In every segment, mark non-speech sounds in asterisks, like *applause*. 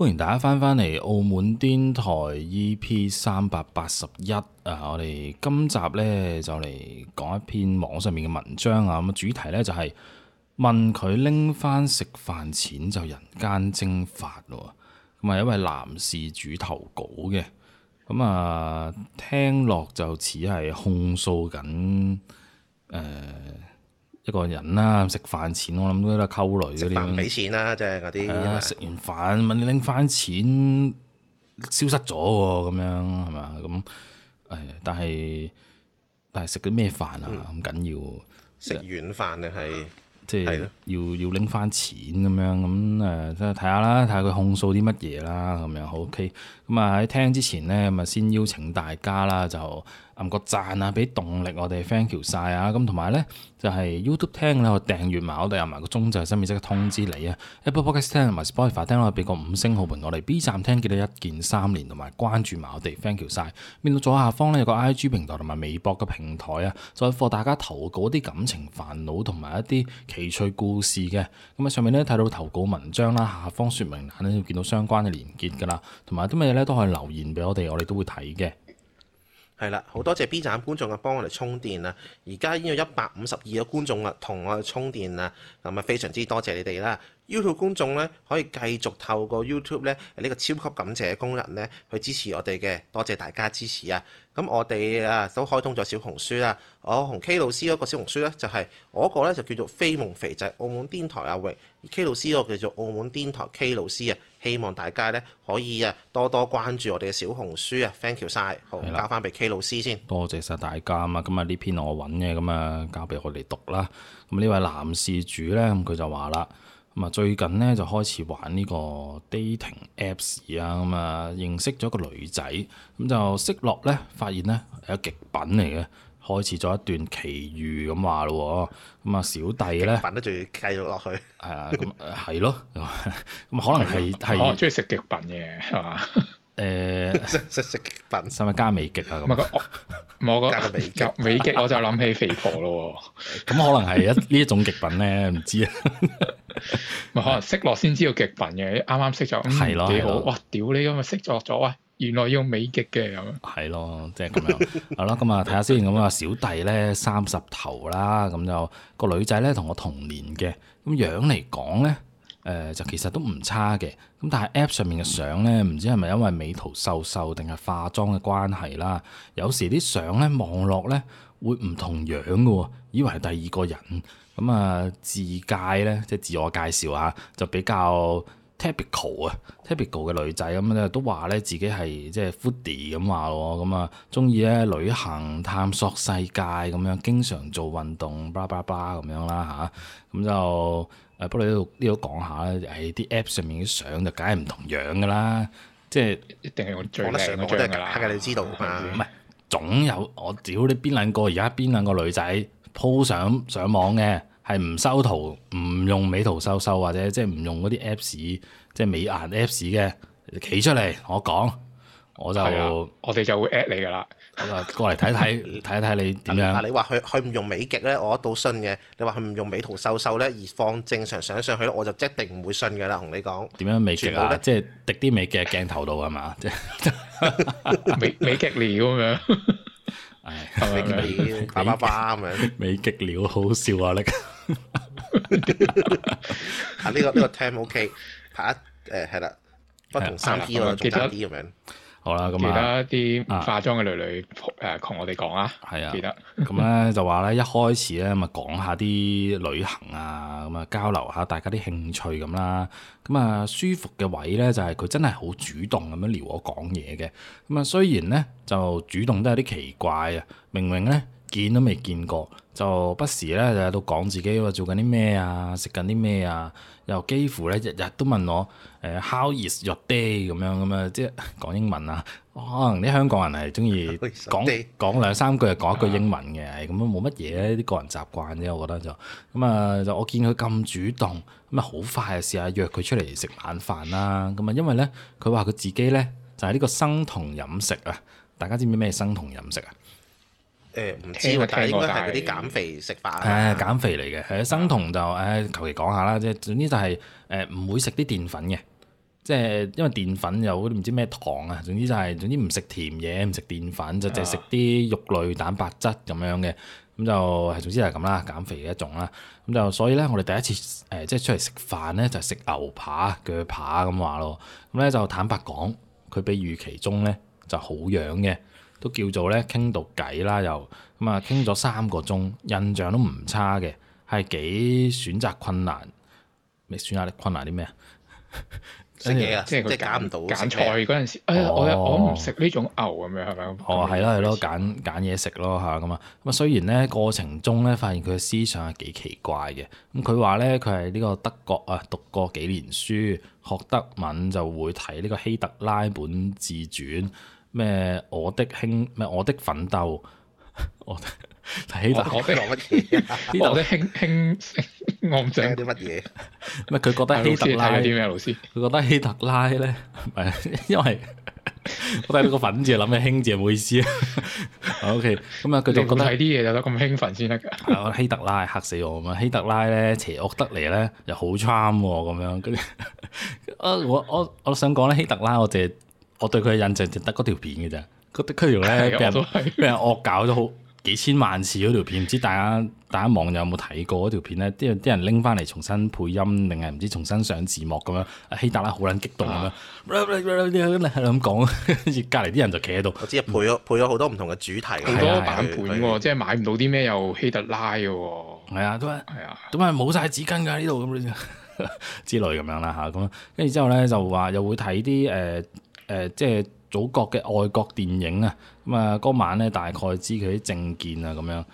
歡迎大家翻返嚟澳門癲台 E P 三百八十一啊！我哋今集呢，就嚟講一篇網上面嘅文章啊，咁主題呢、就係，就係問佢拎返食飯錢就人間蒸發咯，咁啊一位男士主投稿嘅，咁啊聽落就似係控訴緊誒。呃一個人啦、啊，食飯錢我諗都係溝女嗰啲。食飯俾錢啦、啊，即係嗰啲。食、啊、完飯問你拎返錢，消失咗喎、啊，咁樣係嘛？咁誒，但係但係食緊咩飯啊？咁緊、嗯、要，要。食完飯定係即係要要拎返錢咁樣咁誒，睇下啦，睇下佢控訴啲乜嘢啦，咁樣。OK，咁啊喺聽之前咧，咁啊先邀請大家啦，就。撳個讚啊，俾動力我哋，thank you 晒啊！咁同埋呢，就係、是、YouTube 聽呢，我訂閱埋我哋入埋個鐘掣新面即刻通知你啊！Apple Podcast 同埋 Spotify 聽呢，俾個五星好評我哋。B 站聽見到一鍵三連同埋關注埋我哋，thank you 晒。面左下方呢，有個 IG 平台同埋微博嘅平台啊，再幫大家投稿啲感情煩惱同埋一啲奇趣故事嘅。咁啊，上面呢，睇到投稿文章啦，下方説明欄呢，見到相關嘅連結噶啦，同埋啲咩呢，都可以留言俾我哋，我哋都會睇嘅。好多謝 B 站觀眾嘅幫我哋充電啊！而家已經有一百五十二個觀眾同我哋充電啊！非常之多謝你哋啦。YouTube 觀眾咧可以繼續透過 YouTube 咧呢個超級感謝功能咧去支持我哋嘅，多謝大家支持啊！咁我哋啊都開通咗小紅書啦，我同 K 老師嗰個小紅書咧就係、是、我嗰個咧就叫做飛夢肥仔，就是、澳門癲台阿榮，K 老師嗰個叫做澳門癲台 K 老師啊！希望大家咧可以啊多多關注我哋嘅小紅書啊，thank you 晒！好的交翻俾 K 老師先。多謝晒大家啊嘛，咁啊呢篇我揾嘅，咁啊交俾我哋讀啦。咁呢位男事主咧，咁佢就話啦。咁啊，最近咧就開始玩呢個 dating apps 啊，咁啊認識咗個女仔，咁就識落咧，發現咧係極品嚟嘅，開始咗一段奇遇咁話咯，咁啊小弟咧，品得住要繼續落去，係 *laughs* 啊，咁係咯，咁可能係係，我中意食極品嘅，係嘛。誒，即係極品，係咪加美極啊？咁，我個，得個美極美極，我，我，我就諗起肥婆咯。咁 *laughs* 可能係一呢一種極品咧，唔知啊。 *laughs* 可能識落先知道極品嘅，啱啱識咗，係、嗯、咯，幾好。哇，屌你咁啊，識咗咗，原來要美極嘅咁。係咯，即係咁樣。 *laughs* 好啦，咁啊，睇下先。咁啊，小弟咧三十頭啦，咁就、個女仔咧同我同年嘅，咁樣嚟講咧。誒就其實都唔差嘅，咁但係 App 上面嘅相咧，唔知係咪因為美圖秀秀定係化妝嘅關係啦？有時啲相咧，網絡咧會唔同樣嘅喎？以為係第二個人咁啊！自介咧，即係自我介紹啊，就比較 typical, typical 啊，typical 嘅女仔咁咧都話咧自己係即係 foodie 咁話喎，咁啊中意咧旅行探索世界咁樣，經常做運動，巴拉巴拉咁樣啦吓，咁、啊啊、就。誒不過呢度呢度講下啦，係啲 app 上面啲相就梗係唔同樣噶啦，即係一定係我講得上網都係假嘅，啊、你知道唔係的總有我屌你邊兩個而家邊兩個女仔 po 上網嘅，係唔收圖、唔用美圖秀秀或者即係唔用嗰啲 apps 即係美顏 apps 嘅，企出嚟我講，我就我哋就會 at 你噶啦。咁啊，過嚟睇睇睇睇你點樣？啊，你話佢佢唔用美極咧，我都信嘅。你話佢唔用美圖秀秀咧，而放正常相上去咧，我就一定唔會信噶啦，同你講。點樣美極啊？即係滴啲美極鏡頭度係嘛？即係美美極了咁樣。係美極了，爸爸爸咁樣。美極了，好笑啊！你啊，呢個呢個 time OK。吓，誒，係啦，不同三 D 咯仲大啲咁樣。好啦，咁啊，其他啲唔化妝嘅女女誒同我哋講啊，係啊，記得咁咧 *laughs* 就話咧一開始咧咪講下啲旅行啊，咁啊交流下大家啲興趣咁啦，咁啊舒服嘅位咧就係佢真係好主動咁樣撩我講嘢嘅，咁啊雖然咧就主動都有啲奇怪啊，明明咧見都未見過，就不時咧就喺度講自己喎，做緊啲咩啊，食緊啲咩啊，又幾乎咧日日都問我。誒 How is your day？咁樣咁啊，即係講英文啊。可能啲香港人係中意講講兩三句，又講、嗯、一句英文嘅，咁啊冇乜嘢呢啲個人習慣啫。我覺得就咁啊、嗯，就我見佢咁主動，咁啊好快啊試下約佢出嚟食晚飯啦。咁啊，因為咧佢話佢自己咧就係、是、呢個生酮飲食啊。大家知唔知咩生酮飲食啊？誒唔、呃、知喎，欸、但係應該係嗰啲減肥食法。係減、哎、肥嚟嘅，係生酮就誒，求其講下啦。即係總之就係誒唔會食啲澱粉嘅。呃即係因為澱粉有嗰啲唔知咩糖啊，總之就係總之唔食甜嘢，唔食澱粉，就淨係食啲肉類蛋白質咁樣嘅，咁就係總之係咁啦，減肥嘅一種啦。咁就所以咧，我哋第一次誒、呃、即係出嚟食飯咧，就食、係、牛扒鋸扒咁話咯。咁咧就坦白講，佢比預期中咧就係、好樣嘅，都叫做咧傾到偈啦又咁啊，傾咗三個鐘，印象都唔差嘅，係幾選擇困難？未算壓力困難啲咩啊？ *laughs* 食嘢啊！哎、呀即係即係揀唔到。揀選菜嗰陣時，麼哎呀！我我唔食呢種牛咁樣係咪哦，係囉係囉，揀揀嘢食咯吓，咁啊！咁啊，雖然咧過程中咧發現佢嘅思想係幾奇怪嘅。咁佢話咧佢係呢個德國啊，讀過幾年書，學德文就會睇呢個希特拉本自傳，咩我的兄，咩我的奮鬥，我。 *laughs* 睇希特，我都興興，我唔想啲乜嘢。唔係佢覺得希特拉啲咩老師，佢覺得希特拉咧，因為我睇到個粉字，諗起興字，唔好意思。O K，咁啊，佢就覺得睇啲嘢有得咁興奮先得。希特拉嚇死我咁啊！希特拉咧，邪惡得嚟咧，又好 charm 咁樣。跟住，我我我我想講咧，希特拉我淨係我對佢嘅印象淨得嗰條片嘅咋？嗰嗰條咧俾人俾人惡搞咗好。幾千萬次嗰條片，唔知大家相關大家網友有冇睇過嗰條片咧？啲啲人拎翻嚟重新配音，定係唔知重新上字幕咁樣。希特拉好撚激動咁、啊、樣，咁講，跟住隔離啲人就企喺度。即係配咗配咗好多唔同嘅主題、嗯，好多版本即係買唔到啲咩又希特拉嘅喎。係啊，都係係啊，都係冇晒紙巾㗎呢度咁樣之類咁樣啦，吓，咁啊，跟住之後咧就話又會睇啲誒誒即係。呃呃呃祖國嘅愛國電影啊，咁啊嗰晚咧大概知佢啲政見啊咁樣，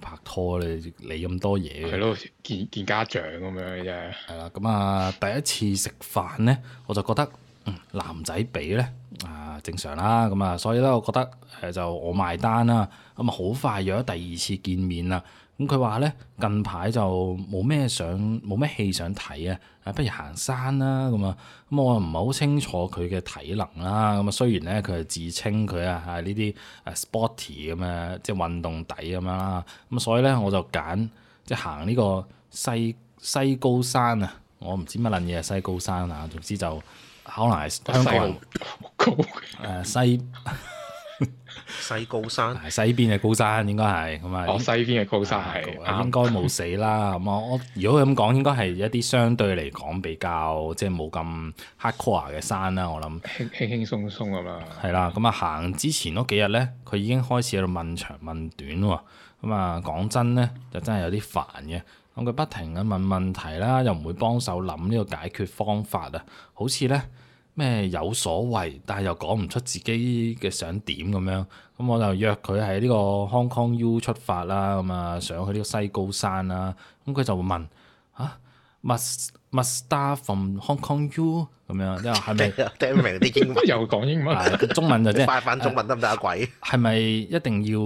拍拖你理咁多嘢嘅。係咯，見見家長咁樣真係。係啦，咁啊第一次食飯咧，我就覺得嗯，男仔俾咧啊正常啦，咁啊所以咧我覺得誒就我埋單啦，咁啊好快約咗第二次見面啦。咁佢話咧，近排就冇咩想冇咩戲想睇啊，啊不如行山啦咁啊，咁我唔係好清楚佢嘅體能啦，咁啊雖然咧佢係自稱佢啊係呢啲誒 sporty 咁啊，即係運動底咁樣啦。咁所以咧我就揀即係行呢個西西高山啊，我唔知乜撚嘢係西高山啊，總之就可能係香港人誒西，西。 *laughs* 西高山，西邊嘅高山應該係咁啊！我西邊嘅高山係，應該冇死啦。咁我如果咁講，應該係一啲相對嚟講比較即係冇咁 hardcore 嘅山啦。我諗輕輕輕鬆鬆咁啊，係啦。咁啊行之前嗰幾日咧，佢已經開始喺度問長問短喎。咁啊講真咧，就真係有啲煩嘅。咁佢不停咁問問題啦，又唔會幫手諗呢個解決方法啊，好似咧。咩有所謂，但係又講唔出自己嘅想點咁樣，咁我就約佢喺呢個 Hong Kong U 出發啦，咁啊上去呢個西高山啦，咁佢就會問啊 Must Must start from Hong Kong U 咁樣，因為係咪聽唔明啲英文？ *laughs* 又講英文， *laughs* 中文就即係翻中文得唔得啊？鬼係咪一定要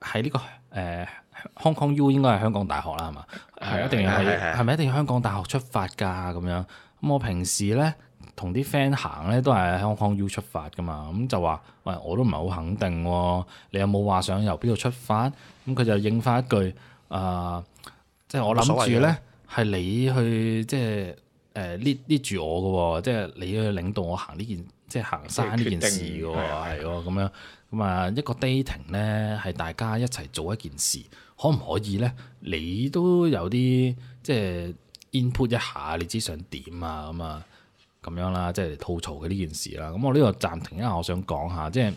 喺呢、呢個誒、呃、Hong Kong U 應該係香港大學啦，係嘛？係、 *laughs* 啊、一定要係係咪一定要香港大學出發噶咁樣？咁我平時咧，同啲 friend 行咧都係喺香港 U 出發噶嘛，咁就話，喂，我都唔係好肯定，你有冇話想由邊度出發？咁佢就應翻一句，啊、呃，即係我諗住咧，係你去，即係誒，lead lead 住我噶，即係你去領導我行呢件，即係行山呢件事噶，係喎，咁樣咁啊，一個 dating 咧係大家一齊做一件事，可唔可以咧？你都有啲即係 input 一下，你知想點啊？咁啊？咁樣啦，即係嚟吐槽嘅呢件事啦。咁我呢度暫停一下，我想講下，即係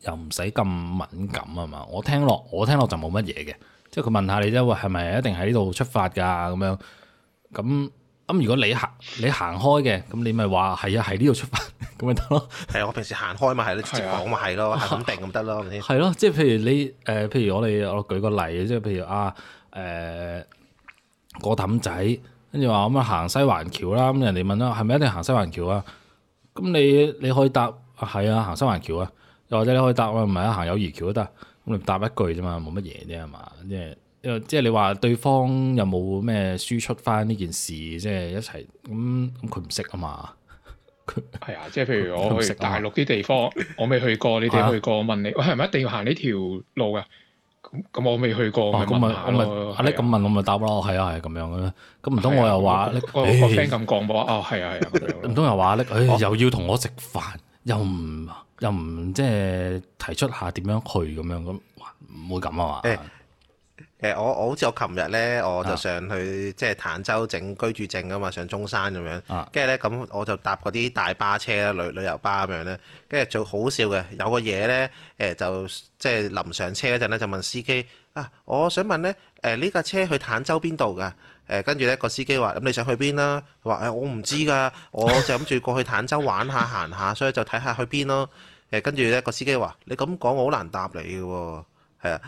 又唔使咁敏感啊嘛。我聽落，我聽落就冇乜嘢嘅。即係佢問下你啫，喂，係咪一定喺呢度出發噶？咁樣咁咁，如果你行你行開嘅，咁你咪話係啊，喺呢度出發咁咪得咯。係 *laughs* 我平時行開嘛，喺啲接訪咪係咯，肯定咁得咯。先係咯，即係、啊、的譬如你誒、呃，譬如我哋我舉個例，即係譬如啊誒個氹仔。呃跟住話咁啊，行西環橋啦！咁人哋問啦，係咪一定行西環橋啊？咁你你可以搭係啊，行西環橋啊，又或者你可以搭咪唔係啊，行友誼橋都得。咁你搭一句啫嘛，冇乜嘢啫，係嘛。即係，即係你話對方有冇咩輸出翻呢件事？即係一齊咁咁，佢唔識啊嘛。係啊，即係譬如我去大陸啲地方， *laughs* 啊、我未去過，你哋去過，我問你，我係咪一定要行呢條路啊？咁我未去過，咁咪咁咪，阿叻咁問我咪答咯，係、哦、啊係咁、啊、樣嘅，咁唔通我又話，我我 friend 咁講我，哦係啊係啊，唔通、啊、 *laughs* 又話咧，誒、哎、又要同我食飯，又唔又唔即係提出下點樣去咁樣，咁唔會咁啊嘛。誒我好我好似我琴日咧，我就上去即係坦洲整居住證啊嘛，上中山咁樣，跟住咧咁我就搭嗰啲大巴車啦，旅旅遊巴咁樣咧，跟住最好笑嘅，有個嘢咧誒就即係臨上車嗰陣咧就問司機啊，我想問咧誒呢架車去坦洲邊度㗎？誒跟住咧個司機話：咁、嗯、你想去邊啦？佢話誒我唔知㗎，我就諗住過去坦洲玩下行下，所以就睇下去邊咯。誒跟住咧個司機話：你咁講我好難答你嘅喎。係啊，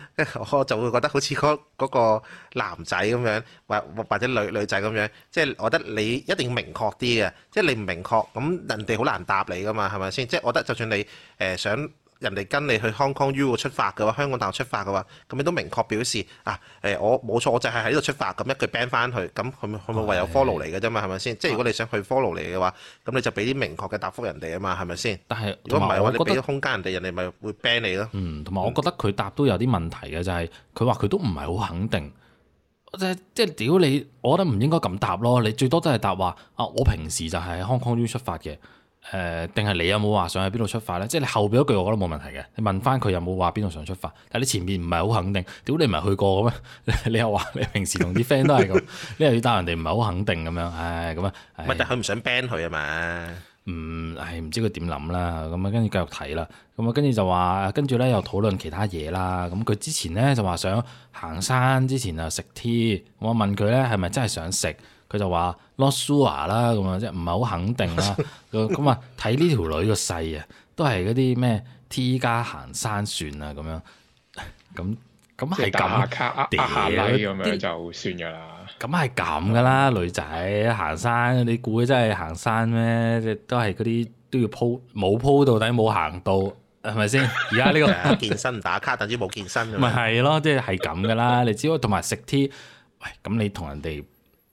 我我就會覺得好似嗰個男仔咁樣，或或者女女仔咁樣，即係我覺得你一定要明確啲嘅，即係你唔明確，咁人哋好難答你㗎嘛，係咪先？即係我覺得就算你誒想。人哋跟你去 Hong Kong U 出發嘅話，香港大學出發嘅話，咁你都明確表示啊，誒、欸、我冇錯，我就係喺呢度出發，咁一句 ban 翻佢，咁佢佢咪唯有 follow 嚟嘅啫嘛，係咪先？是即係如果你想佢 follow 嚟嘅話，咁你就俾啲明確嘅答覆人哋啊嘛，係咪先？但係如果唔係嘅話，我覺得你俾空間人哋，人哋咪會 ban 你咯。嗯，同埋我覺得佢答都有啲問題嘅，就係佢話佢都唔係好肯定，即即係屌你，我覺得唔應該咁答咯。你最多都係答話啊，我平時就係喺 Hong Kong U 出發嘅。誒，定係、呃、你有冇話想喺邊度出發咧？即係你後邊一句，我覺得冇問題嘅。你問翻佢有冇話邊度想出發，但係你前面唔係好肯定。屌，你唔係去過咁咩？ *laughs* 你又話你平時同啲 friend 都係咁， *laughs* 你又要帶人哋唔係好肯定咁樣。唉，咁啊，唔係，但佢唔想 ban 佢啊嘛。嗯，唉，唔知佢點諗啦。咁啊，跟住繼續睇啦。咁啊，跟住就話，跟住咧又討論其他嘢啦。咁佢之前咧就話想行山，之前啊食 tea。我問佢咧係咪真係想食？佢就話 not sure 啦，咁啊，即係唔係好肯定啦。咁啊， *laughs* 睇呢條女個勢啊，都係嗰啲咩 T 加行山船啊，咁樣咁咁係咁打卡點咁樣就算㗎啦。咁係咁㗎啦，女仔行山，你估真係行山咩？即係都係嗰啲都要鋪冇鋪到底冇行到，係咪先？而家呢個 *laughs* *laughs* 健身打卡等於冇健身。咪係咯，即係係咁㗎啦。 *laughs* 你只要同埋食 T，喂，咁你同人哋。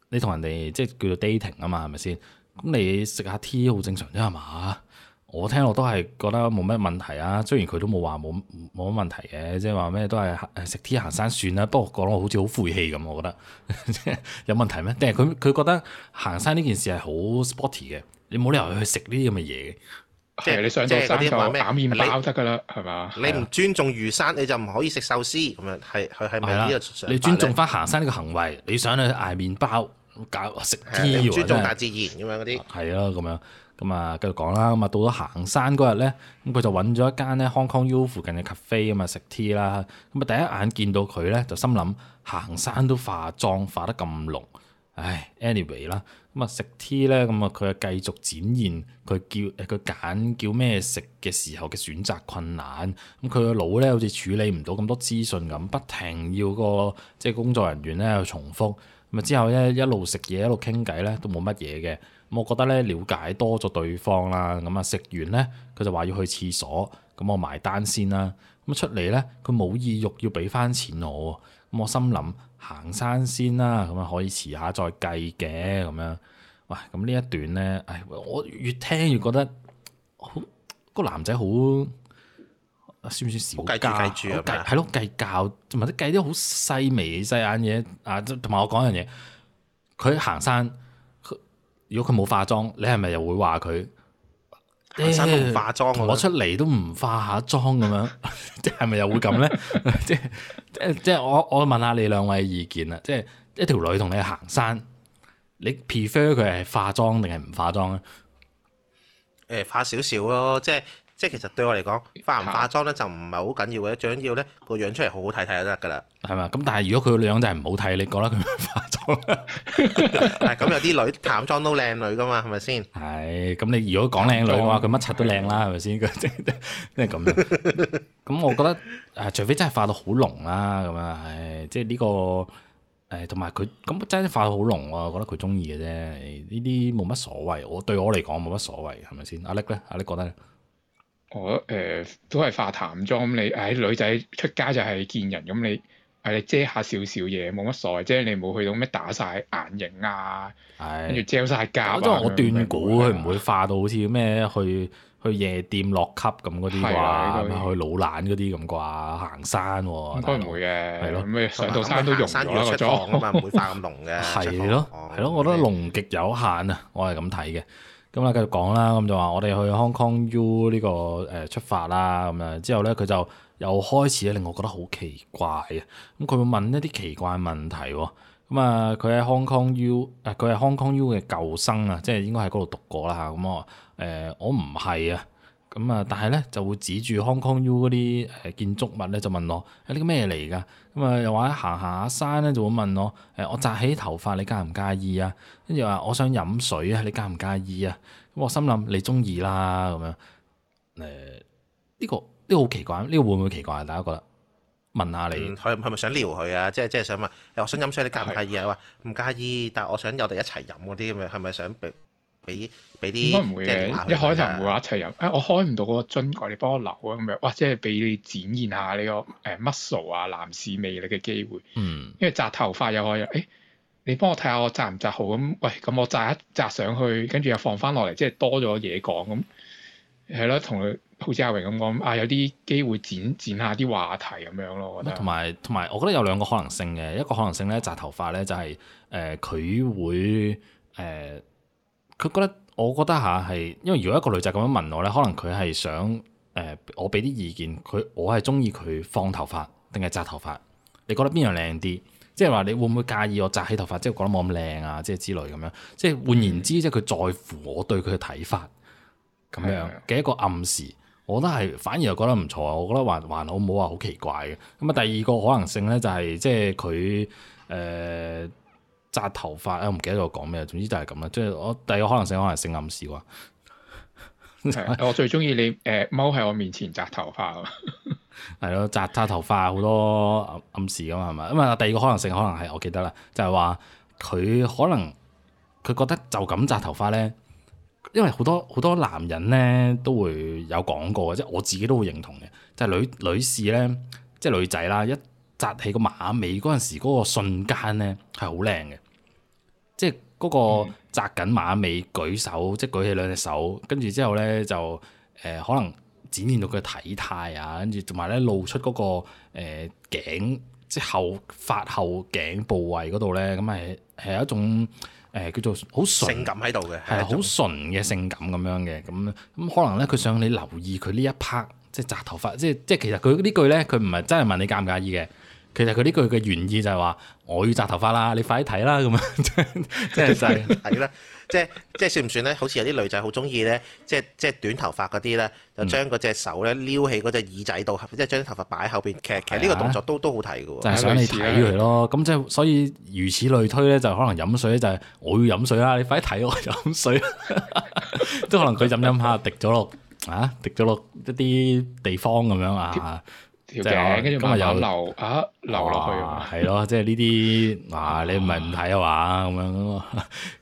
你同人哋即係叫做 dating 啊嘛，係咪先？咁你食下 tea 好正常啫，係嘛？我聽我都係覺得冇咩問題啊。雖然佢都冇話冇冇乜問題嘅，即係話咩都係食 tea 行山算啦。不過講到好似好晦氣咁，我覺得即係 *laughs* 有問題咩？定係佢佢覺得行山呢件事係好 sporty 嘅，你冇理由去食呢啲咁嘅嘢。嘅是？即係你想食啲咩麵包得㗎啦，係嘛你？吧你唔尊重魚生，你就唔可以食壽司咁樣。係佢係咪呢個？你尊重翻行山呢個行為，你想去捱麪包。搞食 T 喎，即係尊重大自然咁樣嗰啲。係啊，咁樣咁啊，繼續講啦。咁啊，到咗行山嗰日咧，咁佢就揾咗一間咧 Hong Kong U 附近嘅 cafe 咁啊食 T 啦。咁啊，第一眼見到佢咧，就心諗行山都化妝化得咁濃。唉，anyway 啦，咁啊食 T 咧，咁啊佢啊繼續展現佢叫誒佢揀叫咩食嘅時候嘅選擇困難。咁佢個腦咧好似處理唔到咁多資訊咁，不停要個即係工作人員咧去重複。咁之後咧一路食嘢一路傾偈咧都冇乜嘢嘅，我覺得咧了解多咗對方啦。咁啊食完咧佢就話要去廁所，咁我埋單先啦。咁出嚟咧佢冇意欲要俾翻錢我，咁我心諗行山先啦，咁啊可以遲下再計嘅咁樣。喂，咁呢一段咧，唉，我越聽越覺得好個男仔好。算唔算計較？係咯，計較，或者計啲好細微、細眼嘢。啊，同埋我講一樣嘢，佢行山，如果佢冇化妝，你係咪又會話佢？行山都冇化妝，同、哎、我出嚟都唔化下妝咁樣，即係咪又會咁咧？即係即係我我問下你兩位意見啊。即係一條女同你行山，你 prefer 佢係化妝定係唔化妝咧？誒、哎，化少少咯，即係。即係其實對我嚟講，化唔化妝咧就唔係好緊要嘅，最緊要咧個樣出嚟好好睇睇就得㗎啦。係嘛？咁但係如果佢個樣真係唔好睇，你覺得佢化妝？咁 *laughs* *laughs* *laughs* 有啲女淡妝都靚女㗎嘛？係咪先？係咁，你如果講靚女嘅話，佢乜柒都靚啦，係咪先？即係咁樣。咁 *laughs* 我覺得誒、啊，除非真係化到好濃啦，咁啊，即係呢個誒，同埋佢咁真係化到好濃、啊、我覺得佢中意嘅啫。呢啲冇乜所謂，我對我嚟講冇乜所謂，係咪先？阿力咧，阿力覺得咧？我誒都係化淡妝咁，你誒女仔出街就係見人咁，你誒遮下少少嘢冇乜所謂，即係你冇去到咩打晒眼影啊，跟住遮晒膠。即係我斷估佢唔會化到好似咩去去夜店落級咁嗰啲啩，去老懶嗰啲咁啩，行山喎。都唔會嘅，係咯。咩上到山都溶咗個妝啊嘛，唔會化咁濃嘅。係咯，係咯，我覺得濃極有限啊，我係咁睇嘅。咁咧繼續講啦，咁就話我哋去 Hong Kong U 呢個誒出發啦，咁啊之後咧佢就又開始咧令我覺得好奇怪啊，咁佢會問一啲奇怪問題喎，咁啊佢喺 Hong Kong U，誒佢係 Hong Kong U 嘅舊生啊，即係應該喺嗰度讀過啦嚇，咁我誒、呃、我唔係啊。咁啊，但係咧就會指住 Hong Kong U 嗰啲誒建築物咧，就問我：呢個咩嚟㗎？咁啊，又話行下山咧，就會問我：誒，我紮起頭髮，你介唔介意啊？跟住話：我想飲水啊，你介唔介意啊？咁我心諗：你中意啦，咁樣誒，呢、呃這個呢、這個好奇怪，呢、這個會唔會奇怪？大家覺得問下你，係咪、嗯、想撩佢啊？即係即係想問：我想飲水，你介唔介意啊？話唔的介意，但係我想有哋一齊飲嗰啲咁樣，係咪想俾俾啲應該唔會嘅，啊、會一開頭唔會話一齊飲。誒、啊，我開唔到嗰個樽蓋，你幫我留啊咁樣。哇，即係俾你展現下你個誒 muscle 啊，男士魅力嘅機會。嗯，因為紮頭髮又可以，誒、欸，你幫我睇下我紮唔紮好咁？喂，咁我紮一紮上去，跟住又放翻落嚟，即係多咗嘢講咁。係咯，同佢好似阿榮咁講，啊，有啲機會展展下啲話題咁樣咯。咁啊，同埋同埋，我覺得有兩個可能性嘅，一個可能性咧紮頭髮咧就係誒佢會誒。呃呃呃呃呃佢覺得，我覺得嚇係，因為如果一個女仔咁樣問我咧，可能佢係想誒、呃，我俾啲意見，佢我係中意佢放頭髮定係紮頭髮？你覺得邊樣靚啲？即係話你會唔會介意我紮起頭髮即係覺得冇咁靚啊？即係之類咁樣。即係換言之，的即係佢在乎我對佢嘅睇法咁樣嘅一個暗示。我都係反而又覺得唔錯啊！我覺得還還好，冇話好奇怪嘅。咁啊，第二個可能性咧就係、是、即係佢誒。呃紮頭髮啊！唔記得我講咩，總之就係咁啦。即係我第二個可能性，可能係性暗示啩。 *laughs* *laughs* 我最中意你誒，踎喺我面前紮頭髮係咯，扎 *laughs* 紮頭髮好多暗示噶嘛，係咪？咁啊，第二個可能性可能係我記得啦，就係話佢可能佢覺得就咁紮頭髮咧，因為好多好多男人咧都會有講過即係，我自己都會認同嘅。就女女士咧，即係女仔啦，一紮起個馬尾嗰陣時，嗰個瞬間咧係好靚嘅。即係嗰個紮緊馬尾，舉手，即係舉起兩隻手，跟住之後咧就誒、呃、可能展現到佢嘅體態啊，跟住同埋咧露出嗰、那個誒、呃、頸即後髮後頸部位嗰度咧，咁係係一種誒、呃、叫做好純性感喺度嘅，係好純嘅性感咁樣嘅，咁咁可能咧佢想你留意佢呢一 part，即係紮頭髮，即係即係其實佢呢句咧佢唔係真係問你介唔介意嘅。其實佢呢句嘅原意就係話，我要紮頭髮啦，你快啲睇啦，咁 *laughs* 樣即係就係啦，即係即係算唔算咧？好似有啲女仔好中意咧，即係即係短頭髮嗰啲咧，就將嗰隻手咧撩起嗰隻耳仔度，嗯、即係將啲頭髮擺喺後邊。其實其實呢個動作都、啊、都好睇噶喎，就係想你睇佢咯。咁即係所以，如此類推咧，就可能飲水就係、是、我要飲水啦，你快啲睇我飲水。都 *laughs* *laughs* 可能佢飲飲下滴咗落啊，滴咗落一啲地方咁樣啊。 *laughs* 跟住咁啊！又流啊，流落去係咯！即係呢啲嗱，你唔係唔睇啊，啊，啊嘛？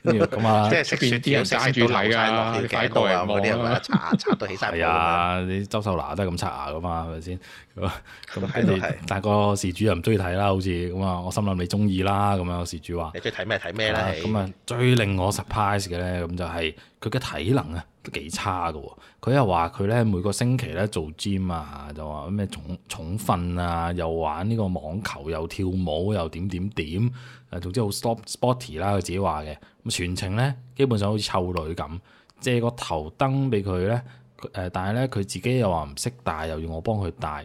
咁樣咁啊，即係識住啲人揸住睇噶，刷刷到起身啊！嗰啲啊，刷刷到起身度啊！係啊，周秀娜都係咁刷牙噶嘛，係咪先？咁啊，咁啊，但係個事主又唔中意睇啦，好似咁啊，我心諗你中意啦，咁啊，事主話：你中意睇咩睇咩咧？咁啊 *laughs* 最令我 surprise 嘅咧，咁就係佢嘅體能啊！都幾差嘅喎，佢又話佢咧每個星期咧做 gym 啊，就話咩重重訓啊，又玩呢個網球，又跳舞，又點點點，誒總之好 sporty 啦、啊，佢自己話嘅。咁全程咧基本上好似溝女咁，借個頭燈俾佢咧，誒、呃、但係咧佢自己又話唔識戴，又要我幫佢戴。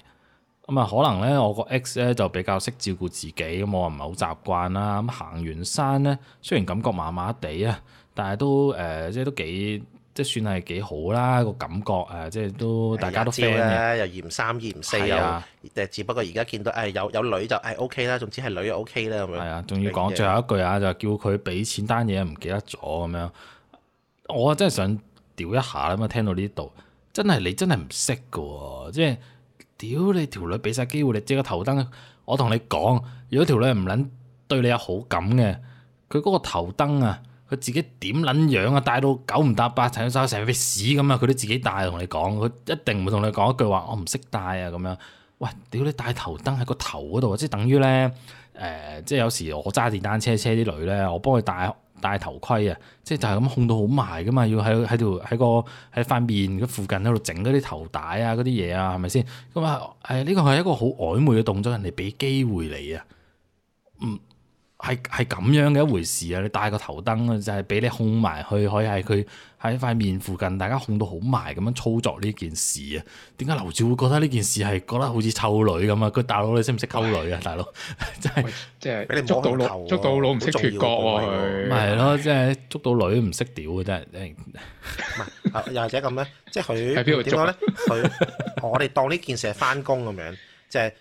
咁、嗯、啊可能咧我個 ex 咧就比較識照顧自己，咁、嗯、我唔係好習慣啦。咁、嗯、行完山咧，雖然感覺麻麻地啊，但係都誒、呃、即係都幾。都算係幾好啦，個感覺誒，即係都、哎、呀大家都 friend 嘅。啊，又嫌三嫌四啊！誒，只不過而家見到誒、哎、有有女就誒 O K 啦，哎、OK，總之係女就 O K 啦咁樣。係啊，仲要講最後一句啊，就是、叫佢俾錢單嘢唔記得咗咁樣。我真係想屌一下咁嘛。聽到呢度，真係你真係唔識㗎喎，即係屌你條女俾晒機會你借個頭燈。我同你講，如果條女唔撚對你有好感嘅，佢嗰個頭燈啊！佢自己點撚樣，樣啊？戴到九唔搭八，成身成片屎咁啊！佢都自己戴。同你講，佢一定唔會同你講一句話，我唔識戴啊咁樣。喂，屌你戴頭燈喺個頭嗰度，即係等於咧誒、呃，即係有時我揸電單車車啲女咧，我幫佢戴戴頭盔啊，即係就係咁控到好埋噶嘛，要喺喺度喺個喺塊面附近喺度整嗰啲頭帶啊嗰啲嘢啊，係咪先？咁啊係呢個係一個好曖昧嘅動作，人哋俾機會你啊，嗯。係係咁樣嘅一回事啊！你帶個頭燈啊，就係、是、俾你控埋去，可以係佢喺塊面附近，大家控到好埋咁樣操作呢件事啊！點解樓主會覺得呢件事係覺得好似臭女咁啊？佢大佬你識唔識溝女啊？的大佬即係即係捉到佬，捉到佬唔識脫角，咪係咯？即係、就是就是、捉到女唔識屌嘅真係。又或者咁咧？ *laughs* 即係佢點講咧？佢我哋當呢件事係翻工咁樣，即係。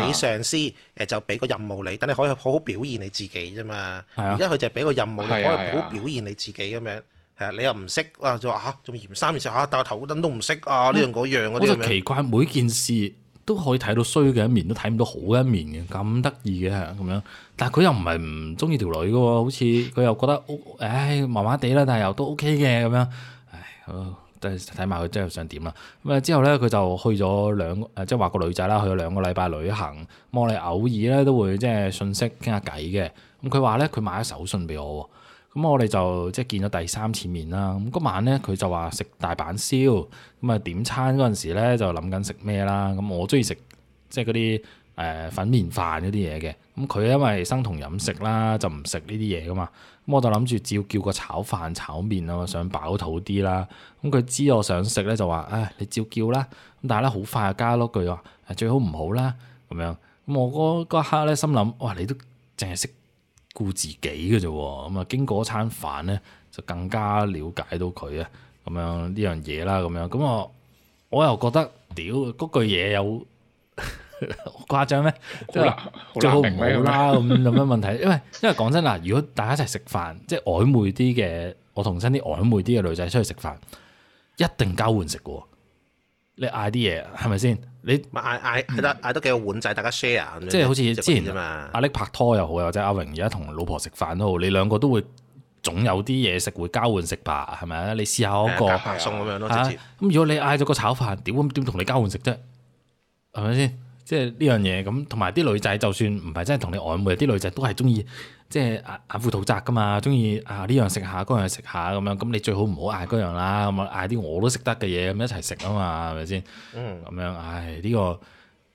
啊、你上司誒就俾個任務你，等你可以好好表現你自己啫嘛。而家佢就係俾個任務，你可以好好表現你自己咁、啊啊啊啊啊、樣。係啊我，你又唔識啊，就話吓仲嫌三嫌四吓，戴頭燈都唔識啊，呢樣嗰樣。我就奇怪，每件事都可以睇到衰嘅一面，都睇唔到好嘅一面嘅，咁得意嘅咁樣。但係佢又唔係唔中意條女嘅喎，好似佢又覺得 O，唉，麻、哎、麻地啦，但係又都 OK 嘅咁樣，唉，哦。睇埋佢真係想點啦。咁啊之後咧，佢就去咗兩誒，即係話個女仔啦，去咗兩個禮拜旅行。咁我哋偶爾咧都會即係信息傾下偈嘅。咁佢話咧，佢買咗手信俾我。咁我哋就即係見咗第三次面啦。咁嗰晚咧，佢就話食大阪燒。咁啊點餐嗰陣時咧，就諗緊食咩啦？咁我中意食即係嗰啲誒粉麵飯嗰啲嘢嘅。咁佢因為生酮飲食啦，就唔食呢啲嘢噶嘛。我就諗住照叫個炒飯炒麵啊嘛，想飽肚啲啦。咁佢知我想食咧，就話，唉、哎，你照叫啦。咁但係咧，好快又加多句話，最好唔好啦。咁樣咁我嗰刻咧，心諗，哇，你都淨係識顧自己嘅啫。咁啊，經過一餐飯咧，就更加了解到佢啊。咁樣呢樣嘢啦，咁樣咁我我又覺得屌嗰句嘢有。誇張咩？即係最好唔好啦，咁有咩問題？因為因為講真嗱，如果大家一齊食飯，即係曖昧啲嘅，我同親啲曖昧啲嘅女仔出去食飯，一定交換食嘅。你嗌啲嘢係咪先？你嗌嗌得嗌得幾多碗仔，大家 share，即係好似之前阿力拍拖又好，或者阿榮而家同老婆食飯都好，你兩個都會總有啲嘢食會交換食吧？係咪啊？你試下一個送咁樣咯，咁。如果你嗌咗個炒飯，點點同你交換食啫？係咪先？即係呢樣嘢咁，同埋啲女仔就算唔係真係同你曖昧，啲女仔都係中意即係眼眼闊肚窄噶嘛，中意啊，呢樣食下嗰樣食下咁樣，咁你最好唔好嗌嗰樣啦，咁啊嗌啲我都食得嘅嘢咁一齊食啊嘛，係咪先？嗯，咁樣，唉，呢個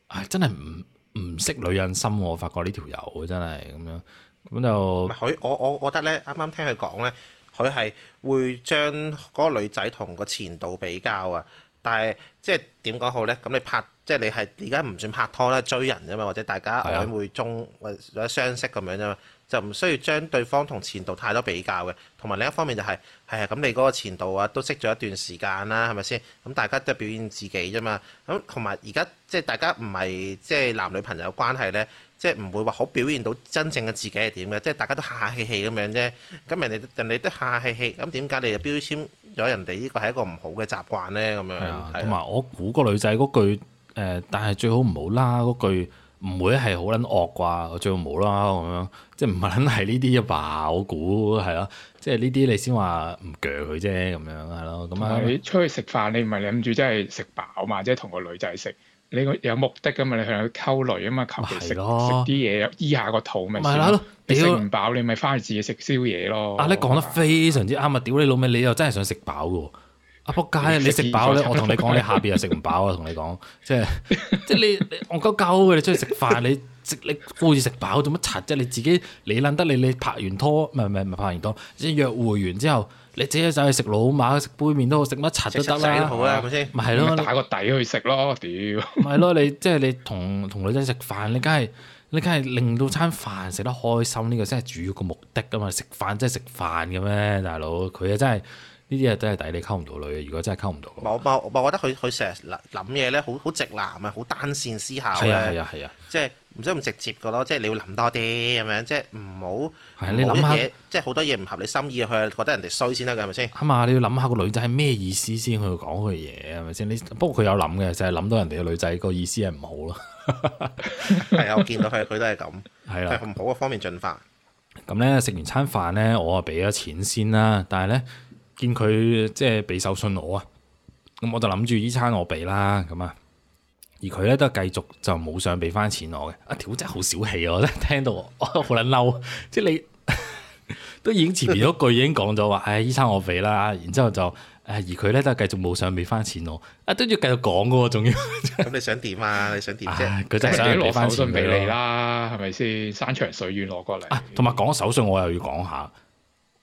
唉真係唔唔識女人心喎，我發覺呢條友真係咁樣，咁就佢我我覺得咧，啱啱聽佢講咧，佢係會將嗰個女仔同個前度比較啊，但係即係點講好咧？咁你拍即係你係而家唔算拍拖啦，追人啫嘛，或者大家曖昧中或者相識咁樣啫嘛，的就唔需要將對方同前度太多比較嘅。同埋另一方面就係、是，係、哎、啊，咁你嗰個前度啊都識咗一段時間啦，係咪先？咁大家都係表現自己啫嘛。咁同埋而家即係大家唔係即係男女朋友關係咧，即係唔會話好表現到真正嘅自己係點嘅。即係大家都客客氣氣咁樣啫。咁人哋人哋都客客氣氣，咁點解你又標籤咗人哋呢個係一個唔好嘅習慣咧？咁樣，同埋我估個女仔嗰句。誒，但係最好唔好啦。嗰句唔會係好撚惡啩，最好唔好啦咁樣。即係唔係撚係呢啲嘅吧？我估係咯。即係呢啲你先話唔鋸佢啫，咁樣係咯。咁啊，你出去食飯，你唔係諗住真係食飽嘛？即係同個女仔食，你有目的噶嘛？你係去溝女啊嘛？求其食咯，食啲嘢，醫下個肚咪。咪啦、啊、你食唔飽，你咪翻去自己食宵夜咯。啊，你講得非常之啱對啊！屌你老味，你又真係想食飽㗎喎！阿仆街啊！你食飽咧，我同你講，你下邊又食唔飽啊！同 *laughs* 你講，即係即係你戇鳩鳩嘅，你出去食飯，你食你故意食飽做乜柒啫？你自己你捻得你，你拍完拖唔係唔係唔係拍完拖，即係約會完之後，你自己走去食老馬食杯麵都好，食乜柒都得啦，係咪先？咪係咯，打個底去食咯，屌！咪係咯，你即係你同同女仔食飯，你梗係你梗係令到餐飯食得開心，呢個先係主要個目的噶嘛？食飯即係食飯嘅咩，大佬佢啊真係。呢啲嘢真係抵你溝唔到女嘅，如果真係溝唔到嘅。我覺得佢佢成日諗嘢咧，好好直男啊，好單線思考咧。係啊係啊係啊！即係唔使咁直接嘅咯，即係你要諗多啲咁樣，即係唔好。係啊，你諗下，即係好多嘢唔合你心意，佢覺得人哋衰先得嘅，係咪先？啊，你要諗下個女仔係咩意思先去講佢嘢，係咪先？你不過佢有諗嘅，就係諗到人哋嘅女仔個意思係唔好咯。係 *laughs* *laughs* 啊，我見到佢，佢都係咁。係啦，啊，唔好嗰方面進化。咁咧食完餐飯咧，我啊俾咗錢先啦，但係咧。見佢即係俾手信我,我,我,我啊，咁我就諗住依餐我俾啦，咁啊，而佢咧都係繼續就冇想俾翻錢我嘅，啊條仔好小氣，我真係聽到好撚嬲，即係你 *laughs* 都已經前面嗰句已經講咗話，唉、哎，依餐我俾啦，然之後就誒、啊，而佢咧都係繼續冇想俾翻錢我，啊都要繼續講噶，仲要，咁 *laughs* 你想點啊？你想點啫？佢、啊、真係想攞手信俾你啦，係咪先？山長水遠攞過嚟，同埋講手信我又要講下。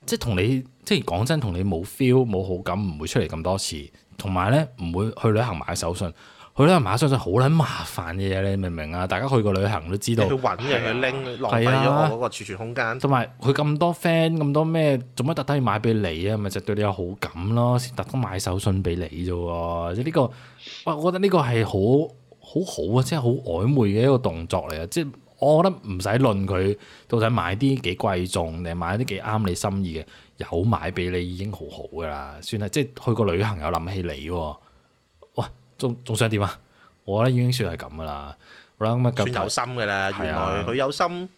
即係同你，即係講真，同你冇 feel 冇好感，唔會出嚟咁多次。同埋咧，唔會去旅行買手信。去旅行買手信好撚麻煩嘅嘢，你明唔明啊？大家去過旅行都知道。去揾嘅，去拎浪費咗我嗰個儲存空間。同埋佢咁多 friend 咁多咩，做乜特登要買俾你啊？咪就對你有好感咯，先特登買手信俾你啫。即係、喂、呢個，我我覺得呢個係好好好啊，即係好曖昧嘅一個動作嚟啊！即係。我覺得唔使論佢，到底買啲幾貴重，定係買啲幾啱你心意嘅，有買俾你已經好好噶啦，算係即係去個旅行又諗起你喎。喂，仲仲想點啊？我咧已經算係咁噶啦。好啦，咁啊，咁有心噶啦，原來佢有心。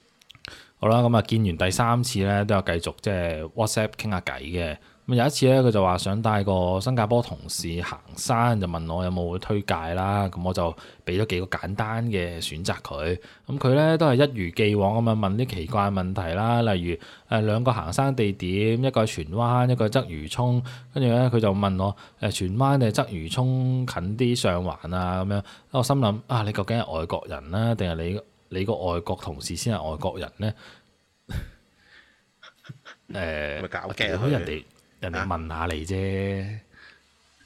好啦，咁啊，見完第三次咧，都有繼續即係 WhatsApp 傾下偈嘅。咁有一次咧，佢就話想帶個新加坡同事行山，就問我有冇推介啦。咁我就俾咗幾個簡單嘅選擇佢。咁佢咧都係一如既往咁樣問啲奇怪問題啦，例如誒兩個行山地點，一個係荃灣，一個係鰂魚涌。跟住咧，佢就問我誒、呃、荃灣定係鰂魚涌近啲上環啊？咁樣，我心諗啊，你究竟係外國人啦，定係你你個外國同事先係外國人咧？誒、 *laughs* 呃，搞嘅、啊，啊、人哋～人哋問下你啫，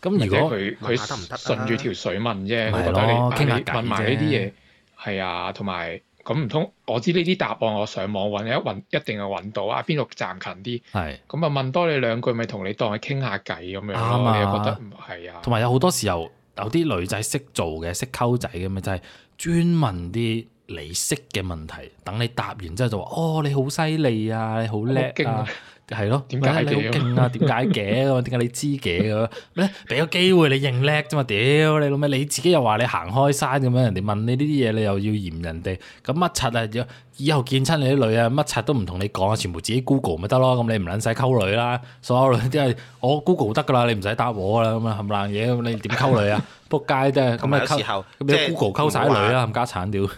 咁如果佢、啊、順住條水問啫，我覺得你傾下偈。問埋呢啲嘢，係啊，同埋咁唔通我知呢啲答案，我上網揾一一定係揾到啊，邊度站近啲？係咁啊，問多你兩句，咪同你當係傾下偈咁樣。啱啊，你覺得係啊。同埋有好多時候有啲女仔識做嘅，識溝仔嘅咪就係、是、專問啲你識嘅問題，等你答完之後就話：哦，你好犀利啊，你好叻啊.！ *laughs* 係咯，點解你好勁啊？點解嘅？點解你知嘅？咩？俾個機會你認叻啫嘛？屌你老味，你自己又話你行開山咁樣，人哋問你呢啲嘢，你又要嫌人哋？咁乜柒啊？以後見親你啲女啊，乜柒都唔同你講啊，全部自己 Google 咪得咯？咁你唔撚使溝女啦？所有女，即係我 Google 得噶啦，你唔使答我啦，咁啊冚冷嘢，你點溝女啊？仆街真係咁啊！有時候即係 Google 溝曬啲女啦，冚家鏟屌！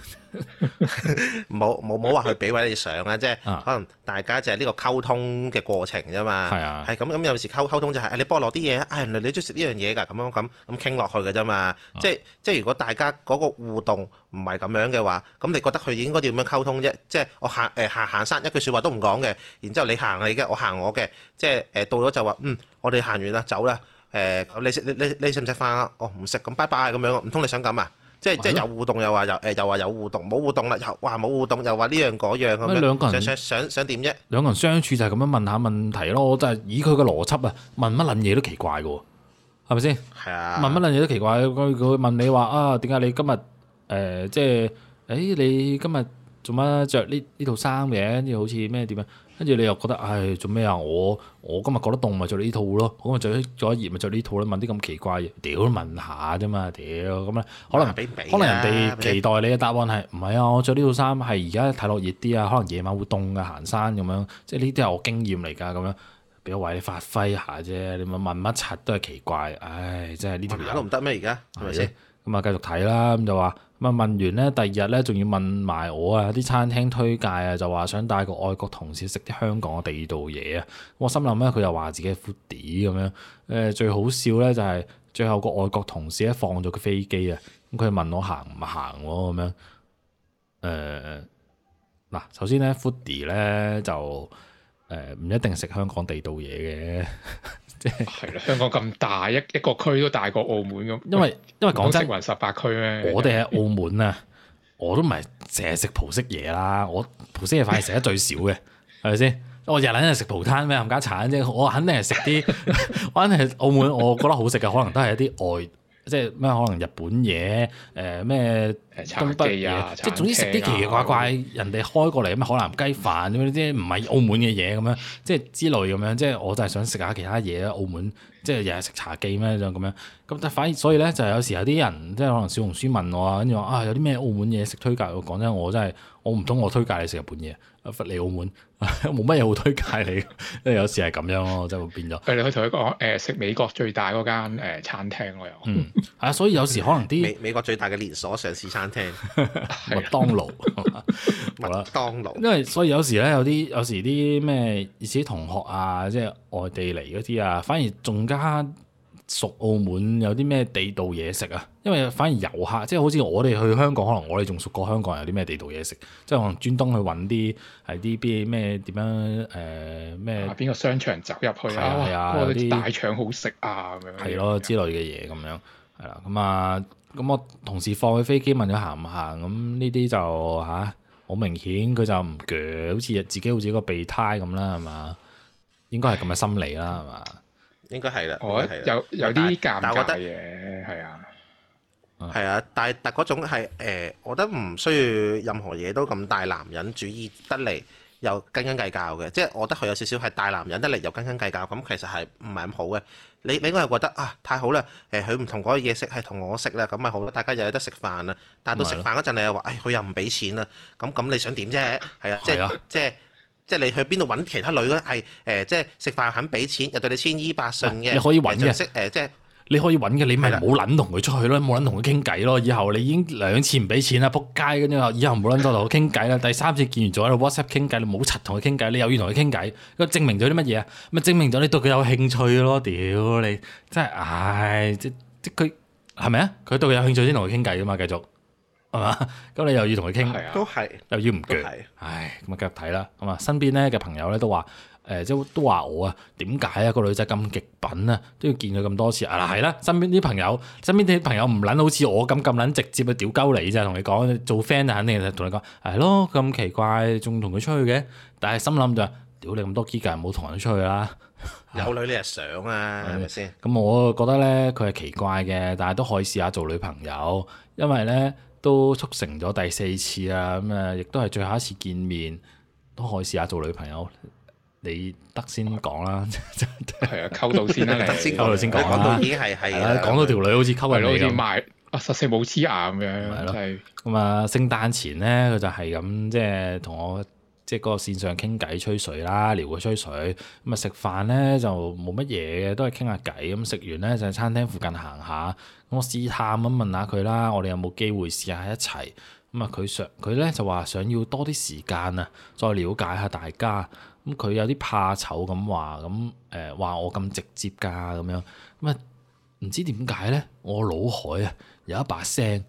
冇冇冇話去俾位你上啊，即係可能大家就係呢個溝通嘅過程啫嘛。係啊，係咁咁有時溝溝通就係、是哎、你幫我攞啲嘢，哎、啊原來你中意食呢樣嘢噶，咁樣咁咁傾落去嘅啫嘛。即係即係如果大家嗰個互動唔係咁樣嘅話，咁你覺得佢應該點樣溝通啫？即係我行誒、呃、行行山，一句說話都唔講嘅，然之後你行你嘅，我行我嘅，即係誒、呃、到咗就話嗯，我哋行完啦，走啦。誒、呃、你食你你食唔食飯啊？哦，唔食咁拜拜咁樣，唔通你想咁啊？即係即係有互動又話又誒又話有互動，冇互動啦又哇冇互動又話呢樣嗰樣咁樣，兩個人想想想點啫？兩個人相處就係咁樣問下問題咯，我真係以佢嘅邏輯啊問乜撚嘢都奇怪㗎喎，係咪先？問乜撚嘢都奇怪，佢佢會問你話啊點解你今日誒即係誒你今日做乜著呢呢套衫嘅，又好似咩點啊？跟住你又覺得，唉、哎，做咩啊？我我今日覺得凍咪着呢套咯，咁我着咗熱咪着呢套啦。問啲咁奇怪嘅嘢，屌問下啫嘛，屌咁咧，可能可能人哋期待你嘅答案係唔係啊？我着呢套衫係而家睇落熱啲啊，可能夜晚會凍噶，行山咁樣，即係呢啲係我經驗嚟噶咁樣，俾我為你發揮下啫。你問乜柒都係奇怪，唉、哎，真係呢條友都唔得咩而家，係咪先？咁啊繼續睇啦，咁就話。咪問完咧，第二日咧仲要問埋我啊，啲餐廳推介啊，就話想帶個外國同事食啲香港嘅地道嘢啊。我心諗咧，佢又話自己係 foodie 咁樣。誒，最好笑咧就係最後個外國同事咧放咗個飛機啊，咁佢問我行唔行喎咁樣。誒，嗱，首先咧 foodie 咧就誒唔、呃、一定食香港地道嘢嘅。 *laughs* 係啦， *laughs* 香港咁大，一一個區都大過澳門咁。因為因為講真，十八區咩？我哋喺澳門啊， *laughs* 我都唔係淨係食葡式嘢啦，我葡式嘢反而食得最少嘅，係咪先？我日日都係食葡撻咩？冚家鏟啫，我肯定係食啲， *laughs* *laughs* 我肯定係澳門我覺得好食嘅，可能都係一啲外。即係咩？可能日本嘢，誒、呃、咩東北嘢啊，啊即係總之食啲奇奇怪怪、啊、人哋開過嚟嘅咩海南雞飯咁樣啲，唔係澳門嘅嘢咁樣，即係之類咁樣，即係我就係想食下其他嘢啦。澳門即係日日食茶記咩就咁樣。咁但反而所以咧，就係有時有啲人即係可能小紅書問我啊，跟住話啊有啲咩澳門嘢食推介？講真，我真係～我唔通我推介你食日本嘢，佛利澳門冇乜嘢好推介你，因為有時係咁樣咯，真係變咗。誒，你可以同佢講，誒食美國最大嗰間誒餐廳咯，又嗯係啊，所以有時可能啲美美國最大嘅連鎖上市餐廳麥 *laughs* *laughs* 當勞，麥當勞，因為所以有時咧有啲有時啲咩以前同學啊，即係外地嚟嗰啲啊，反而仲加。熟澳門有啲咩地道嘢食啊？因為反而遊客即係好似我哋去香港，可能我哋仲熟過香港有啲咩地道嘢食，即係可能專登去揾啲係啲啲咩點樣誒咩邊個商場走入去啊？啲、啊啊、哇大腸好食啊咁樣係咯、啊啊、之類嘅嘢咁樣係啦咁啊咁、啊、我同事放佢飛機問咗行唔行咁呢啲就吓，好、啊、明顯佢就唔鋸，好似自己好似一個備胎咁啦係嘛，應該係咁嘅心理啦係嘛。 *laughs* 應該係啦，哦、有有我有有啲尷尬嘅，係啊，係啊，但係但嗰種係、欸、我覺得唔需要任何嘢都咁大男人主義得嚟，又斤斤計較嘅，即係我覺得佢有少少係大男人得嚟又斤斤計較，咁其實係唔係咁好嘅。你你應該係覺得啊，太好啦，誒、啊，佢唔同嗰啲嘢食係同我食啦，咁咪好啦，大家又有得食飯，飯是、哎、啊。但係到食飯嗰陣，你又話誒，佢又唔俾錢啊，咁咁你想點啫？係啊，即係即係。是啊 *laughs* 即係你去邊度揾其他女咧？係、呃、誒，即係食飯肯俾錢，又對你千依百順嘅。你可以揾嘅，識誒、呃，即係你可以揾嘅。你咪冇捻同佢出去咯，冇捻同佢傾偈咯。以後你已經兩次唔俾錢啦，仆街咁以後冇捻多同佢傾偈啦。第三次見完咗喺度 WhatsApp 傾偈，你冇柒同佢傾偈。你又要同佢傾偈，咁證明咗啲乜嘢啊？咪證明咗你對佢有興趣咯？屌你，真係，唉，即即佢係咪啊？佢對佢有興趣先同佢傾偈噶嘛？繼續。係嘛？咁 *laughs* 你又要同佢傾，都係又要唔鋸，唉，咁啊，繼續睇啦。咁啊，身邊咧嘅朋友咧都話，誒，即係都話我啊，點解啊個女仔咁極品啊，都要見佢咁多次啊？嗱，係啦，身邊啲朋友，身邊啲朋友唔撚好似我咁咁撚直接去屌鳩你咋？同你講，做 friend 就肯定同你講，係咯，咁奇怪，仲同佢出去嘅？但係心諗就，屌你咁多機，冇同人出去啦。有女你係想啊，係咪先？咁對吧我啊覺得咧，佢係奇怪嘅，但係都可以試下做女朋友，因為咧。都促成咗第四次啊，咁啊，亦都係最後一次見面，都可以試下做女朋友。你得先講啦，係啊、嗯，溝、 *laughs* 嗯、到先啦，得先溝到先講啦。講到已經係係，講對的到條女好似溝埋攞嚟賣，啊十四冇黐牙咁樣。係咁啊，咯的聖誕前咧，佢就係咁，即係同我即係嗰個線上傾偈吹水啦，撩佢吹水。咁啊食飯咧就冇乜嘢，嘅，都係傾下偈。咁食完咧就喺餐廳附近行下。我試探咁問下佢啦，我哋有冇機會試下一齊？咁啊，佢想佢咧就話想要多啲時間啊，再了解下大家。咁佢有啲怕醜咁話，咁誒話我咁直接噶咁樣。咁啊唔知點解咧？我腦海啊有一把聲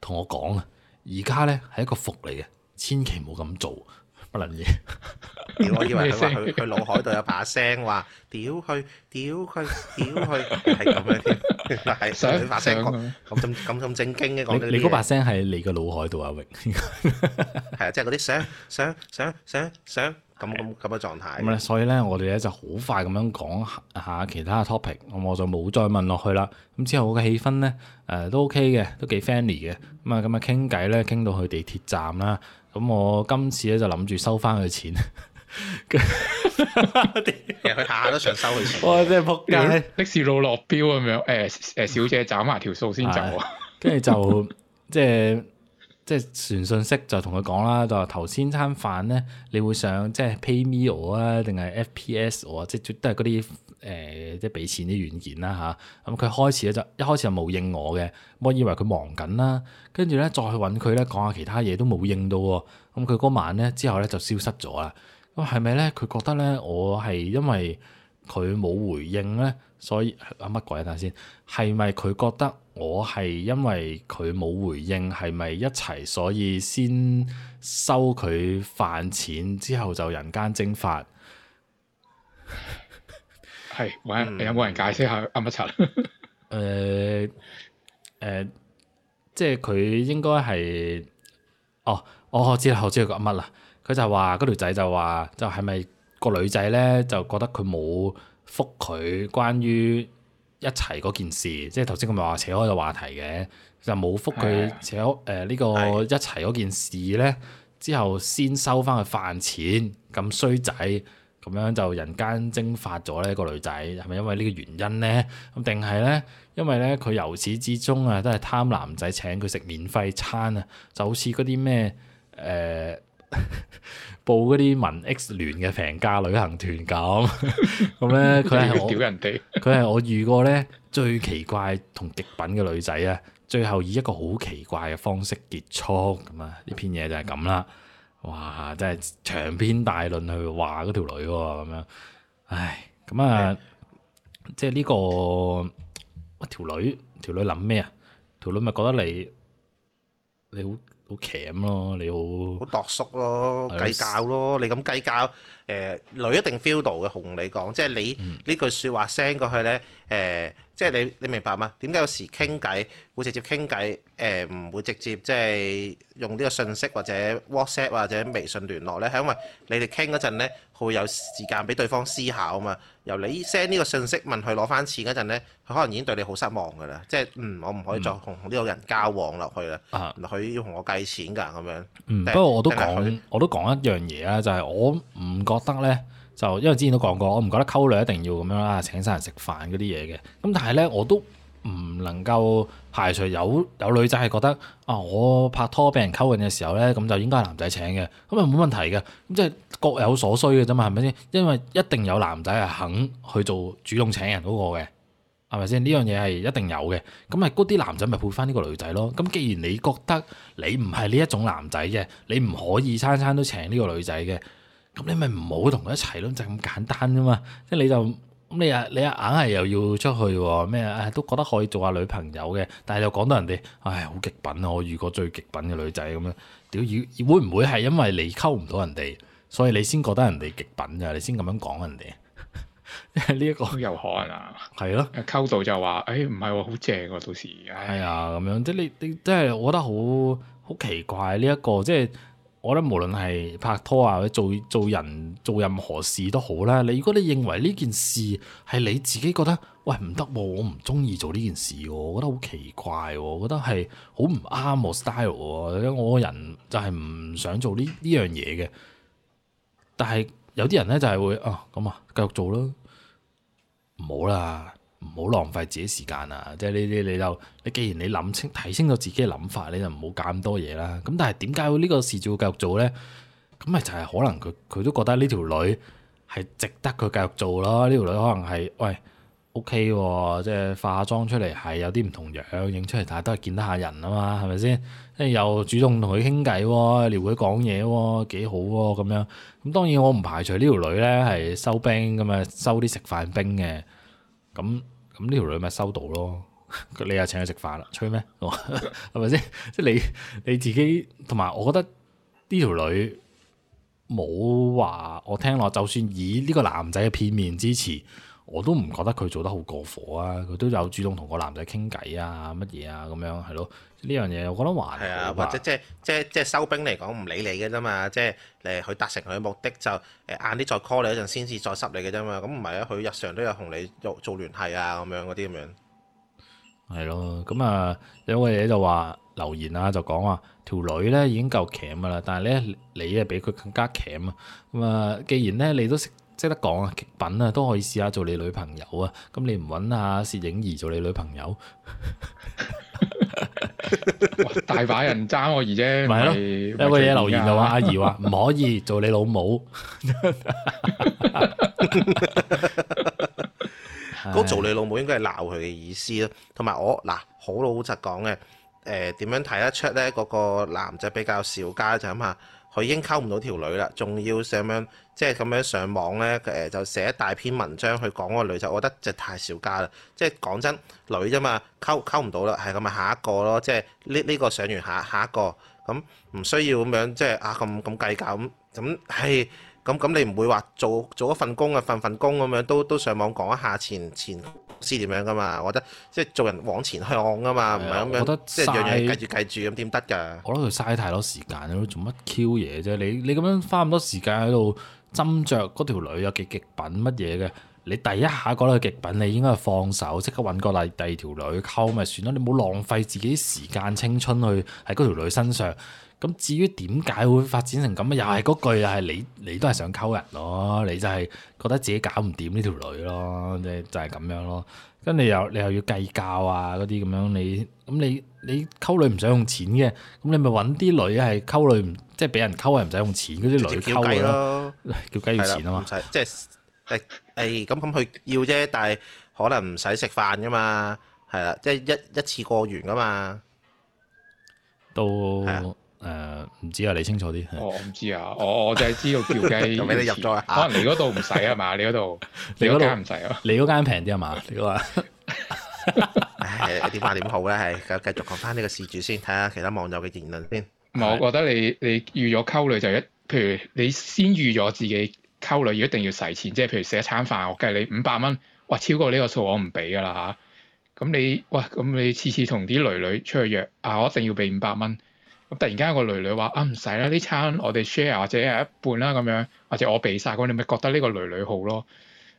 同我講啊，而家咧係一個福利嘅，千祈冇咁做，不能嘢。 *laughs* 」 *laughs* 我以為佢話佢佢腦海度有把聲話，屌佢，屌佢，屌佢，係咁樣，係佢把聲咁咁咁咁正經嘅。你嗰把聲係你個腦海度阿榮？係啊，即係嗰啲想想想想想咁咁嘅狀態。咁咧，所以咧，我哋咧就好快咁樣講下其他嘅 topic，咁我就冇再問落去啦。咁之後我嘅氣氛咧，誒、呃、都 OK 嘅，都幾 friendly 嘅。咁啊咁啊傾偈咧傾到去地鐵站啦。咁我今次咧就諗住收翻佢錢。佢 *laughs* *laughs* *laughs* 下下都想收佢錢、啊，哇、啊！ *laughs* 即係仆街，的士佬落標咁樣，誒誒，小姐斬埋條數先走，跟住就即係即係傳信息就同佢講啦，就話頭先餐飯咧，你會上即係 PayMe 我啊，定係 FPS 我、啊，即係都係嗰啲誒，即係俾錢啲軟件啦、啊、吓。咁、嗯、佢開始咧就一開始就冇應我嘅，我以為佢忙緊啦，跟住咧再去搵佢咧講下其他嘢都冇應到，咁佢嗰晚咧之後咧就消失咗啦。嗯咁係咪咧？佢覺得咧，我係因為佢冇回應咧，所以阿乜鬼？等下先，係咪佢覺得我係因為佢冇回應，係咪一齊所以先收佢飯錢之後就人間蒸發？係， *laughs* 有冇人解釋下啱乜柒？誒誒、嗯啊呃，即係佢應該係哦，我知啦，我知佢講乜啦。佢就話，嗰條仔就話，就係、是、咪個女仔咧就覺得佢冇覆佢關於一齊嗰件事？即係頭先佢咪話扯開個話題嘅，就冇覆佢扯開呢 Yeah.、呃呢個 Yeah. 一齊嗰件事咧。之後先收翻佢飯錢，咁衰仔咁樣就人間蒸發咗呢個女仔，係咪因，因，因為呢個原因咧？咁定係咧？因為咧佢由始至終啊都係貪男仔請佢食免費餐啊，就好似嗰啲咩誒。呃 *laughs* 報嗰啲文 X 聯嘅平價旅行團咁， *laughs* 咁咧佢係我屌人哋，佢係 *laughs* 我遇過咧最奇怪同極品嘅女仔啊！最後以一個好奇怪嘅方式結束咁啊！呢篇嘢就係咁啦，哇！真係長篇大論去話嗰條女咁，啊，樣，唉，咁啊，的即係、這、呢個，喂，條女，條女諗咩啊？條女咪覺得你你好。好鉗咯，你好，好度縮咯，計較咯，的你咁計較，誒、呃、女一定 feel 到嘅，同你講，即係你呢、嗯、句説話 send 過去咧，誒、呃，即係你你明白嗎？點解有時傾偈，會直接傾偈，誒、呃、唔會直接即係、就是、用呢個信息或者 WhatsApp 或者微信聯絡咧，係因為你哋傾嗰陣咧，佢會有時間俾對方思考嘛。由你 send 呢個信息問佢攞翻錢嗰陣咧，佢可能已經對你好失望噶啦，即係嗯，我唔可以再同呢個人交往落去啦。佢要同我計錢噶咁樣。不過、嗯、是我都講，我都講一樣嘢啊，就係、是、我唔覺得咧，就因為之前都講過，我唔覺得溝女一定要咁樣啦，請晒人食飯嗰啲嘢嘅。咁但係咧，我都。唔能夠排除有有女仔係覺得啊，我拍拖俾人溝緊嘅時候呢，咁就應該係男仔請嘅，咁啊冇問題嘅，咁即係各有所需嘅啫嘛，係咪先？因為一定有男仔係肯去做主動請人嗰個嘅，係咪先？呢樣嘢係一定有嘅，咁咪嗰啲男仔咪配翻呢個女仔咯。咁既然你覺得你唔係呢一種男仔嘅，你唔可以餐餐都請呢個女仔嘅，咁你咪唔好同佢一齊咯，就咁簡單啫嘛，即係你就。咁你啊，你啊，硬係又要出去喎？咩啊？都覺得可以做下女朋友嘅，但係又講到人哋，唉，好極品啊！我遇過最極品嘅女仔咁樣，屌，要會唔會係因為你溝唔到人哋，所以你先覺得人哋極品、 *laughs* 這個、啊？你先咁樣講人哋，呢一個有可能啊，係咯，溝到就話，誒、哎，唔係喎，好正喎，到時，係、哎、啊，咁樣，即係你你即係我覺得好好奇怪呢一、這個即係。我覺得無論係拍拖啊，或者做做人做任何事都好啦。你如果你認為呢件事係你自己覺得喂，唔得喎，我唔中意做呢件事喎，我覺得好奇怪喎，我覺得係好唔啱我 style 喎。我個人就係唔想做呢呢樣嘢嘅。但係有啲人咧就係會啊咁啊，繼續做囉，唔好啦。唔好浪費自己時間啊！即係呢啲你就，你既然你諗清睇清楚自己嘅諗法，你就唔好搞咁多嘢啦。咁但係點解會呢個事照會繼續做呢？咁咪就係可能佢佢都覺得呢條女係值得佢繼續做咯。呢條女可能係喂 O K 喎，即係化妝出嚟係有啲唔同樣影出嚟，但係都係見得下人啊嘛，係咪先？跟住又主動同佢傾偈喎，撩佢講嘢喎，幾好喎、哦、咁樣。咁當然我唔排除呢條女呢係收兵咁啊，收啲食飯兵嘅咁。咁呢條女咪收到咯，你又請佢食飯啦，吹咩？係咪先？即係你你自己，同埋我覺得呢條女冇話，我聽落就算以呢個男仔嘅片面之詞。我都唔覺得佢做得好過火啊！佢都有主動同個男仔傾偈啊，乜嘢啊咁樣係咯？呢樣嘢我覺得還係啊，或者即係即係即係收兵嚟講唔理你嘅啫嘛，即係誒佢達成佢嘅目的就誒晏啲再 call 你嗰陣先至再濕你嘅啫嘛。咁唔係啊，佢日常都有同你做做聯繫啊，咁樣嗰啲咁樣。係咯，咁啊有個嘢就話留言啊，就講話條女咧已經夠僾嘅啦，但係咧你啊比佢更加僾啊。咁啊，既然咧你都識。即得講啊，極品啊，都可以試下做你女朋友啊。咁你唔搵啊攝影儀做你女朋友，大把人爭我儀啫。咪咯，有個嘢留言嘅話，阿儀話唔可以做你老母。嗰做你老母應該係鬧佢嘅意思咯。同埋我嗱，好老實講嘅，誒，點樣睇得出咧？個個男仔比較小家就咁吓。佢已經溝唔到條女啦，仲要咁樣即係咁樣上網咧，誒、呃、就寫一大篇文章去講嗰個女仔。我覺得就太小家啦。即係講真，女啫嘛，溝溝唔到啦，係咁咪下一個咯。即係呢呢個上完下下一個，咁唔需要咁樣即係、就是、啊咁咁計較咁咁係咁咁你唔會話做做一份工啊份份工咁樣都都上網講一下前前。知點樣噶嘛？我覺得即係做人往前向噶嘛，唔係咁樣，我覺得即係樣樣繼住繼住咁點得噶？我諗佢嘥太多時間咯，做乜 Q 嘢啫？你你咁樣花咁多時間喺度斟酌嗰條女有幾極品乜嘢嘅？你第一下覺得佢極品，你應該放手，即刻揾過第第二條女溝咪算啦。你冇浪費自己時間青春去喺嗰條女身上。咁至於點解會發展成咁啊？又係嗰句，又係你，你都係想溝人咯？你就係覺得自己搞唔掂呢條女咯，就係咁樣咯。跟住又你又要計較啊嗰啲咁樣，你咁你你溝女唔使用錢嘅，咁你咪揾啲女係溝女唔即係俾人溝係唔使用錢嗰啲女溝嘅咯。叫雞要錢啊嘛，即係誒誒咁咁佢要啫，但係可能唔使食飯㗎嘛，係啦，即係一一次過完㗎嘛，都。誒，唔、uh, 知啊，你清楚啲、哦 *laughs* 。我唔知啊，我我就係知道叫雞。俾你入咗啊？可能你嗰度唔使啊嘛？你嗰度 *laughs* 你嗰間唔使啊？你嗰間平啲啊嘛？你話唉，點辦點好咧？係咁繼續講翻呢個事主先，睇下其他網友嘅言論先。唔係 *laughs* 我覺得你你預咗溝女就是、一，譬如你先預咗自己溝女，要一定要使錢，即係譬如食一餐飯，我計你五百蚊。哇，超過呢個數我唔俾噶啦吓。咁、啊、你哇，咁你，你次次同啲女女出去約啊，我一定要俾五百蚊。咁突然間有個女女話啊唔使啦，呢餐我哋 share 或者係一半啦咁樣，或者我俾晒。」咁你咪覺得呢個女女好咯？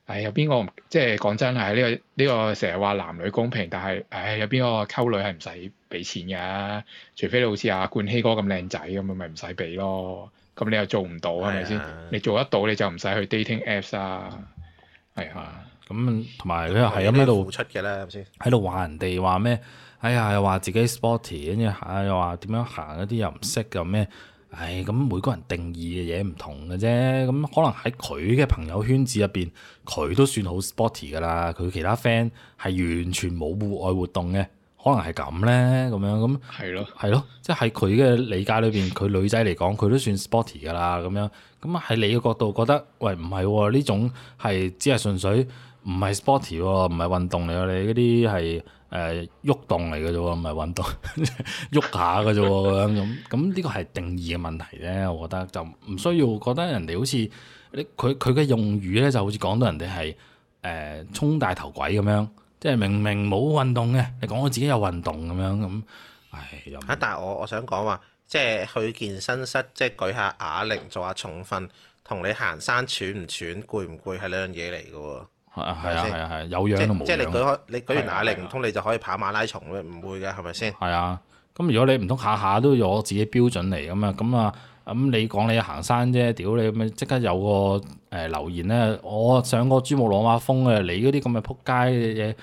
唉，有邊個即係講真係呢個呢個成日話男女公平，但係唉有邊個溝女係唔使俾錢嘅啊？除非你好似阿冠希哥咁靚仔咁，咪唔使俾咯。咁你又做唔到係咪先？你做得到你就唔使去 dating apps 啊。係啊，咁同埋你又係咁喺度付出嘅啦，係咪先？喺度話人哋話咩？哎呀，又話自己 sporty，跟、哎、住又話點樣行嗰啲又唔識噶咩？哎，咁每個人定義嘅嘢唔同嘅啫。咁、嗯、可能喺佢嘅朋友圈子入邊，佢都算好 sporty 噶啦。佢其他 friend 係完全冇戶外活動嘅，可能係咁呢。咁樣咁係咯，係、嗯、咯，即係喺佢嘅理解裏邊，佢女仔嚟講，佢都算 sporty 噶啦。咁樣咁啊，喺、嗯嗯、你嘅角度覺得，喂，唔係呢種係只係純粹唔係 sporty，唔係運動嚟，你嗰啲係。誒喐、呃、動嚟嘅啫喎，唔係運動喐 *laughs* 下嘅啫喎咁咁，呢個係定義嘅問題啫。我覺得就唔需要覺得人哋好似佢，佢嘅用語咧，就好似講到人哋係誒沖大頭鬼咁樣，即係明明冇運動嘅，你講我自己有運動咁樣咁，唉又但係我，我想講話，即係去健身室，即係舉下啞鈴，做下重訓，同你行山喘唔喘攰唔攰係兩樣嘢嚟嘅喎。累係 *music* 啊係啊係啊係啊，有樣都冇樣，即係你舉開，你舉完啞鈴唔通你就可以跑馬拉松咧？唔會嘅係咪先？係啊，咁、啊啊、如果你唔通下下都有我自己標準嚟咁啊，咁啊，咁、嗯、你講你行山啫，屌你咁即刻有個誒、呃、留言咧，我上過珠穆朗瑪峰嘅，你嗰啲咁嘅撲街嘅嘢，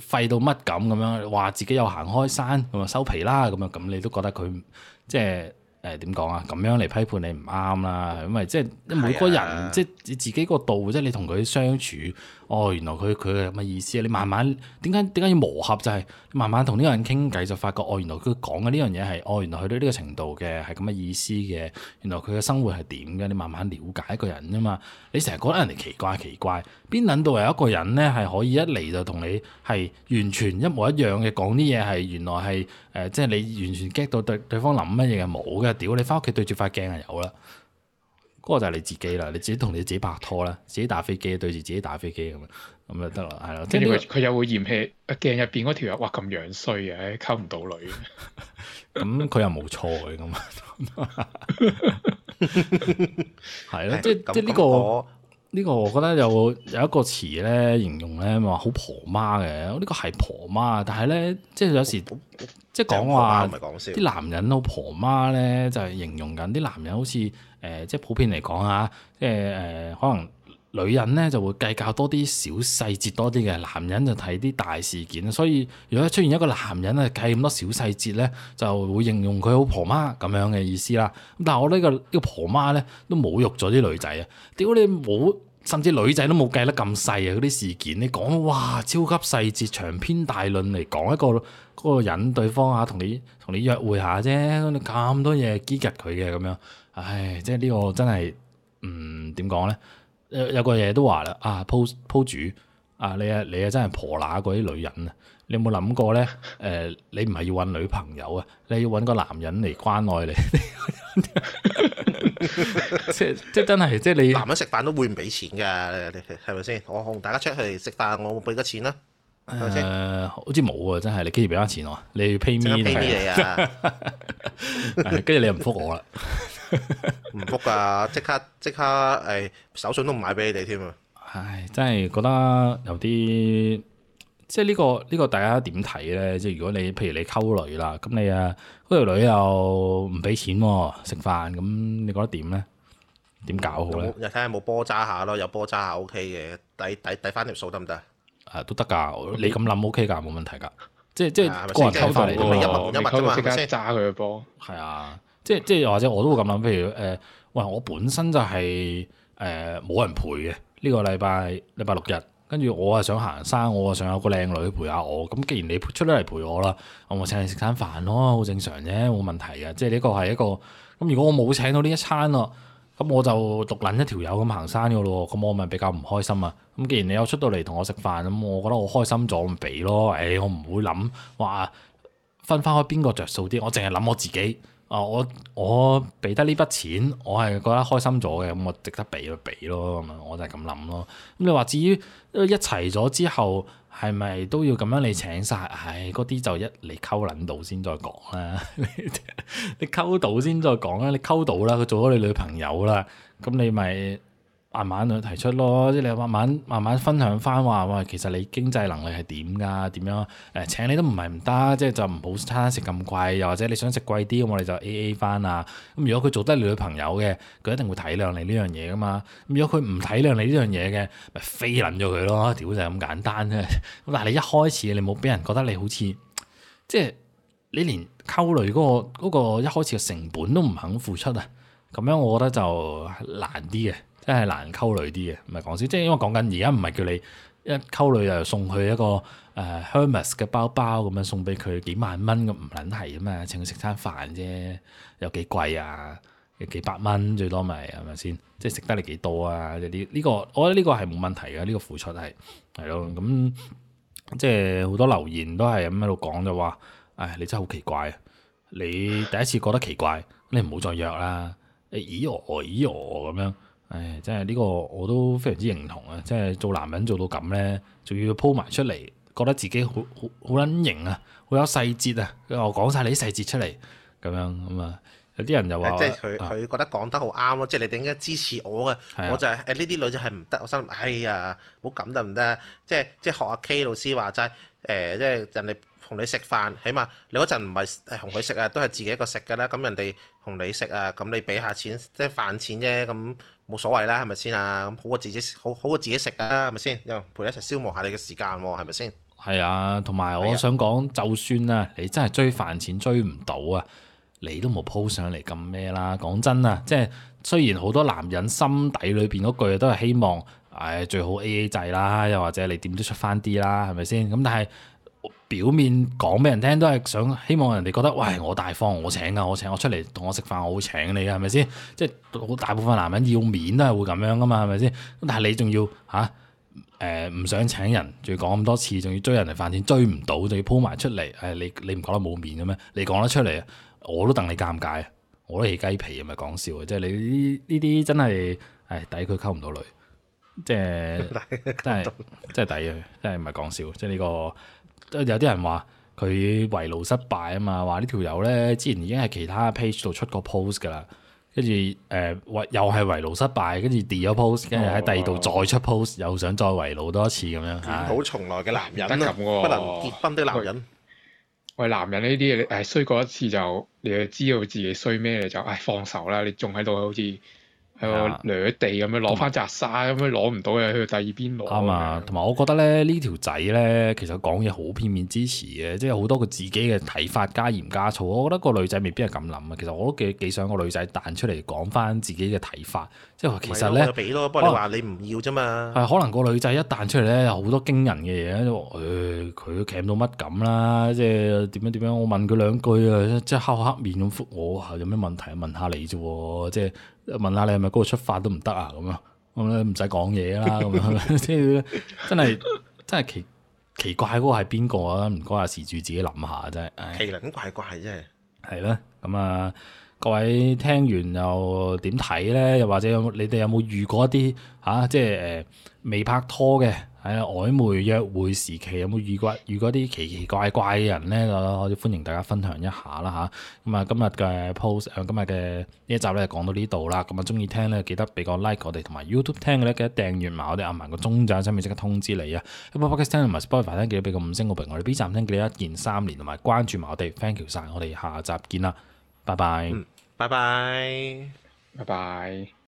廢到乜咁咁樣，話自己又行開山，咁啊收皮啦咁樣，咁你都覺得佢即係誒點講啊？咁、呃、樣嚟批判你唔啱啦，咁咪，即係每個人、啊、即係你自己個度，即係你同佢相處。哦，原來佢佢係咁嘅意思啊？你慢慢點解點解要磨合？就係、是、慢慢同呢個人傾偈，就發覺哦，原來佢講嘅呢樣嘢係，哦，原來去到呢個程度嘅，係咁嘅意思嘅。原來佢嘅生活係點嘅？你慢慢了解一個人啫嘛。你成日覺得人哋奇怪奇怪，邊諗到有一個人咧係可以一嚟就同你係完全一模一樣嘅，講啲嘢係原來係誒、呃，即係你完全 get 到對對方諗乜嘢係冇嘅。屌你翻屋企對住塊鏡係有啦。嗰個就係你自己啦，你自己同你自己拍拖啦，自己打飛機對住自己打飛機咁樣，咁就得啦，係啦。跟住佢佢又會嫌棄鏡入邊嗰條人，哇咁樣衰嘅，溝唔到女。咁佢又冇錯嘅咁嘛，係咯，即係即係呢個。呢個我覺得有有一個詞咧形容咧話好婆媽嘅，呢個係婆媽，但係咧即係有時即係講話啲男人好婆媽咧，就係形容緊啲男人好似誒即係普遍嚟講啊，即係誒可能。女人咧就會計較多啲小細節多啲嘅，男人就睇啲大事件。所以如果出現一個男人啊計咁多小細節咧，就會形容佢好婆媽咁樣嘅意思啦。但係我呢個呢個婆媽咧都侮辱咗啲女仔啊！屌你冇，甚至女仔都冇計得咁細啊！嗰啲事件你講哇超級細節長篇大論嚟講一個嗰個人對方啊、同你同你約會下啫，咁多嘢激極佢嘅咁樣，唉！即係呢個真係嗯點講咧？有有個嘢都話啦，啊 po 主啊，你啊你啊真係婆乸嗰啲女人啊，你有冇諗過咧？誒、呃，你唔係要揾女朋友啊，你要揾個男人嚟關愛你， *laughs* 即即真係即你 *laughs* 男人食飯都會唔俾錢噶，係咪先？我同大家出去食飯，我會俾咗錢啦，係、呃、好似冇啊，真係你跟住俾翻錢我，你要 pay me 你 *laughs* 啊，跟 *laughs* 住你又唔覆我啦。 *laughs* 唔扑啊！即刻即刻，誒，手信都唔買俾你哋添啊！唉，真係覺得有啲，即係、這、呢個呢、這個大家點睇咧？即係如果你譬如你溝女啦，咁你啊溝條女又唔俾錢食飯，咁你覺得點咧？點搞好？又睇下有冇波揸下咯，有波揸下 OK 嘅，抵抵抵翻條數得唔得？誒、啊，都得噶，你咁諗 OK 噶，冇問題噶，即係即係、啊、個人偷翻嚟咁，是是一物一物啫嘛，即刻揸佢個波，係啊。即係即係，或者我都會咁諗。譬如誒、呃，喂，我本身就係誒冇人陪嘅。呢、這個禮拜禮拜六日，跟住我啊想行山，我啊想有個靚女陪下我。咁既然你出得嚟陪我啦，我咪請你食餐飯咯，好正常啫，冇問題嘅。即係呢個係一個咁。如果我冇請到呢一餐咯，咁我就獨撚一條友咁行山嘅咯。咁我咪比較唔開心啊。咁既然你有出到嚟同我食飯，咁我覺得我開心咗，咁俾咯。誒、哎，我唔會諗話分翻開邊個着數啲，我淨係諗我自己。啊！我我俾得呢筆錢，我係覺得開心咗嘅，咁、嗯、我值得畀就畀咯，咁啊，我就係咁諗咯。咁、嗯、你話至於一齊咗之後，係咪都要咁樣你請晒？唉，嗰啲就一嚟溝撚到先再講啦，你溝到先再講啦，你溝到啦，佢做咗你女朋友啦，咁你咪～慢慢去提出咯，即係你慢慢慢慢分享翻話喂，其實你經濟能力係點㗎？點樣誒請你都唔係唔得，即係就唔好餐食咁貴，又或者你想食貴啲咁，我哋就 A A 翻啊。咁如果佢做得你女朋友嘅，佢一定會體諒你呢樣嘢噶嘛。咁如果佢唔體諒你呢樣嘢嘅，咪飛撚咗佢咯，屌就係咁簡單啫。咁但係你一開始你冇俾人覺得你好似即係你連溝女嗰個嗰個一開始嘅成本都唔肯付出啊，咁樣我覺得就難啲嘅。真係難溝女啲嘅，唔係講先，即係因為講緊而家唔係叫你一溝女又送佢一個誒、呃、Hermes 嘅包包咁樣送俾佢幾萬蚊咁唔撚係啊嘛，請佢食餐飯啫，有幾貴啊？有幾百蚊最多咪係咪先？即係食得你幾多啊？呢、這、呢個我覺得呢個係冇問題嘅，呢、這個付出係係咯。咁即係好多留言都係咁喺度講就話，唉、哎，你真係好奇怪啊！你第一次覺得奇怪，你唔好再約啦。咦、哎、哦，咦哦，咁樣。誒、哎，真係呢個我都非常之認同啊！即係做男人做到咁咧，仲要鋪埋出嚟，覺得自己好好好撚型啊，好有細節啊。我講晒你啲細節出嚟咁樣咁、嗯嗯、啊，有啲人就話即係佢佢覺得講得好啱咯。即係你點解支持我嘅？啊、我就係呢啲女仔係唔得，我心哎呀，唔好咁得唔得？即係即係學阿 K 老師話齋誒，即係人哋同你食飯，起碼你嗰陣唔係同佢食啊，都係自己一個食嘅啦。咁人哋同你食啊，咁你俾下錢，即係飯錢啫咁。冇所謂啦，係咪先啊？咁好過自己，好好過自己食啊，係咪先？又陪你一齊消磨下你嘅時間，係咪先？係啊，同埋、啊、我想講，啊、就算啊，你真係追飯錢追唔到啊，你都冇鋪上嚟咁咩啦。講真啊，即係雖然好多男人心底裏邊嗰句都係希望，唉、哎，最好 AA 制啦，又或者你點都出翻啲啦，係咪先？咁但係。表面講俾人聽都係想希望人哋覺得，喂，我大方，我請㗎，我請我出嚟同我食飯，我會請你㗎，係咪先？即係大部分男人要面都係會咁樣噶嘛，係咪先？但係你仲要吓，誒、啊、唔、呃、唔想請人，仲要講咁多次，仲要追人哋飯錢追唔到，仲要鋪埋出嚟，係、哎、你你唔覺得冇面嘅咩？你講得出嚟啊？我都戥你尷尬，我都起雞皮，係咪講笑啊？即係你呢啲真係係抵佢溝唔到女，即係 *laughs* 真係真係抵啊！真係唔係講笑，即係呢、呢個。有啲人話佢圍爐失敗啊嘛，話呢條友咧之前已經係其他 page 度出過 post 噶啦，跟住誒圍又係圍爐失敗，跟住 delete 咗 post，跟住喺第二度再出 post，又想再圍爐多一次咁樣。捲土重來嘅男人不能結婚，啲男人喂。喂，男人呢啲誒衰過一次就你要知道自己衰咩嚟就，唉、哎、放手啦，你仲喺度好似～係啊，掠地咁樣攞翻扎沙，咁樣攞唔到嘅去第二邊攞。啱啊，同埋、啊啊、我覺得咧，呢條仔咧其實講嘢好片面之詞嘅，嗯、即係好多佢自己嘅睇法加鹽加醋。我覺得個女仔未必係咁諗啊。其實我都幾幾想個女仔彈出嚟講翻自己嘅睇法，即係話其實咧。俾咯、啊，你你不過你話你唔要啫嘛。係可能個女仔一彈出嚟咧，有好多驚人嘅嘢。誒，佢都 a m 到乜咁啦？即係點樣點樣？我問佢兩句啊，即係敲黑面咁覆我，我我有咩問題問下你啫？即係。問下你係咪嗰個出發都唔得啊？咁樣咁咧，唔使講嘢啦，咁樣 *laughs* *laughs* 真真係真係奇奇怪，嗰個係邊個啊？唔該啊，事主自己諗下，真係奇奇怪怪，真係。係啦，咁、嗯、啊各位聽完又點睇咧？又或者你哋有冇遇過一啲嚇、啊？即係誒未拍拖嘅。喺曖昧約會時期有冇遇過遇過啲奇奇怪怪嘅人咧？我哋歡迎大家分享一下啦嚇。咁啊，今日嘅 post，今日嘅呢一集咧就講到呢度啦。咁啊，鍾意聽咧記得俾個 like 我哋，同埋 YouTube 聽嘅咧記得訂閱埋我哋阿文個鐘仔，先面即刻通知你啊。喺播客聽嘅 Spotify 聽記得俾個五星好評，我哋 B 站聽記得一鍵三連同埋關注埋我哋。thank you 晒，我哋下集見啦，拜拜，拜拜，拜拜。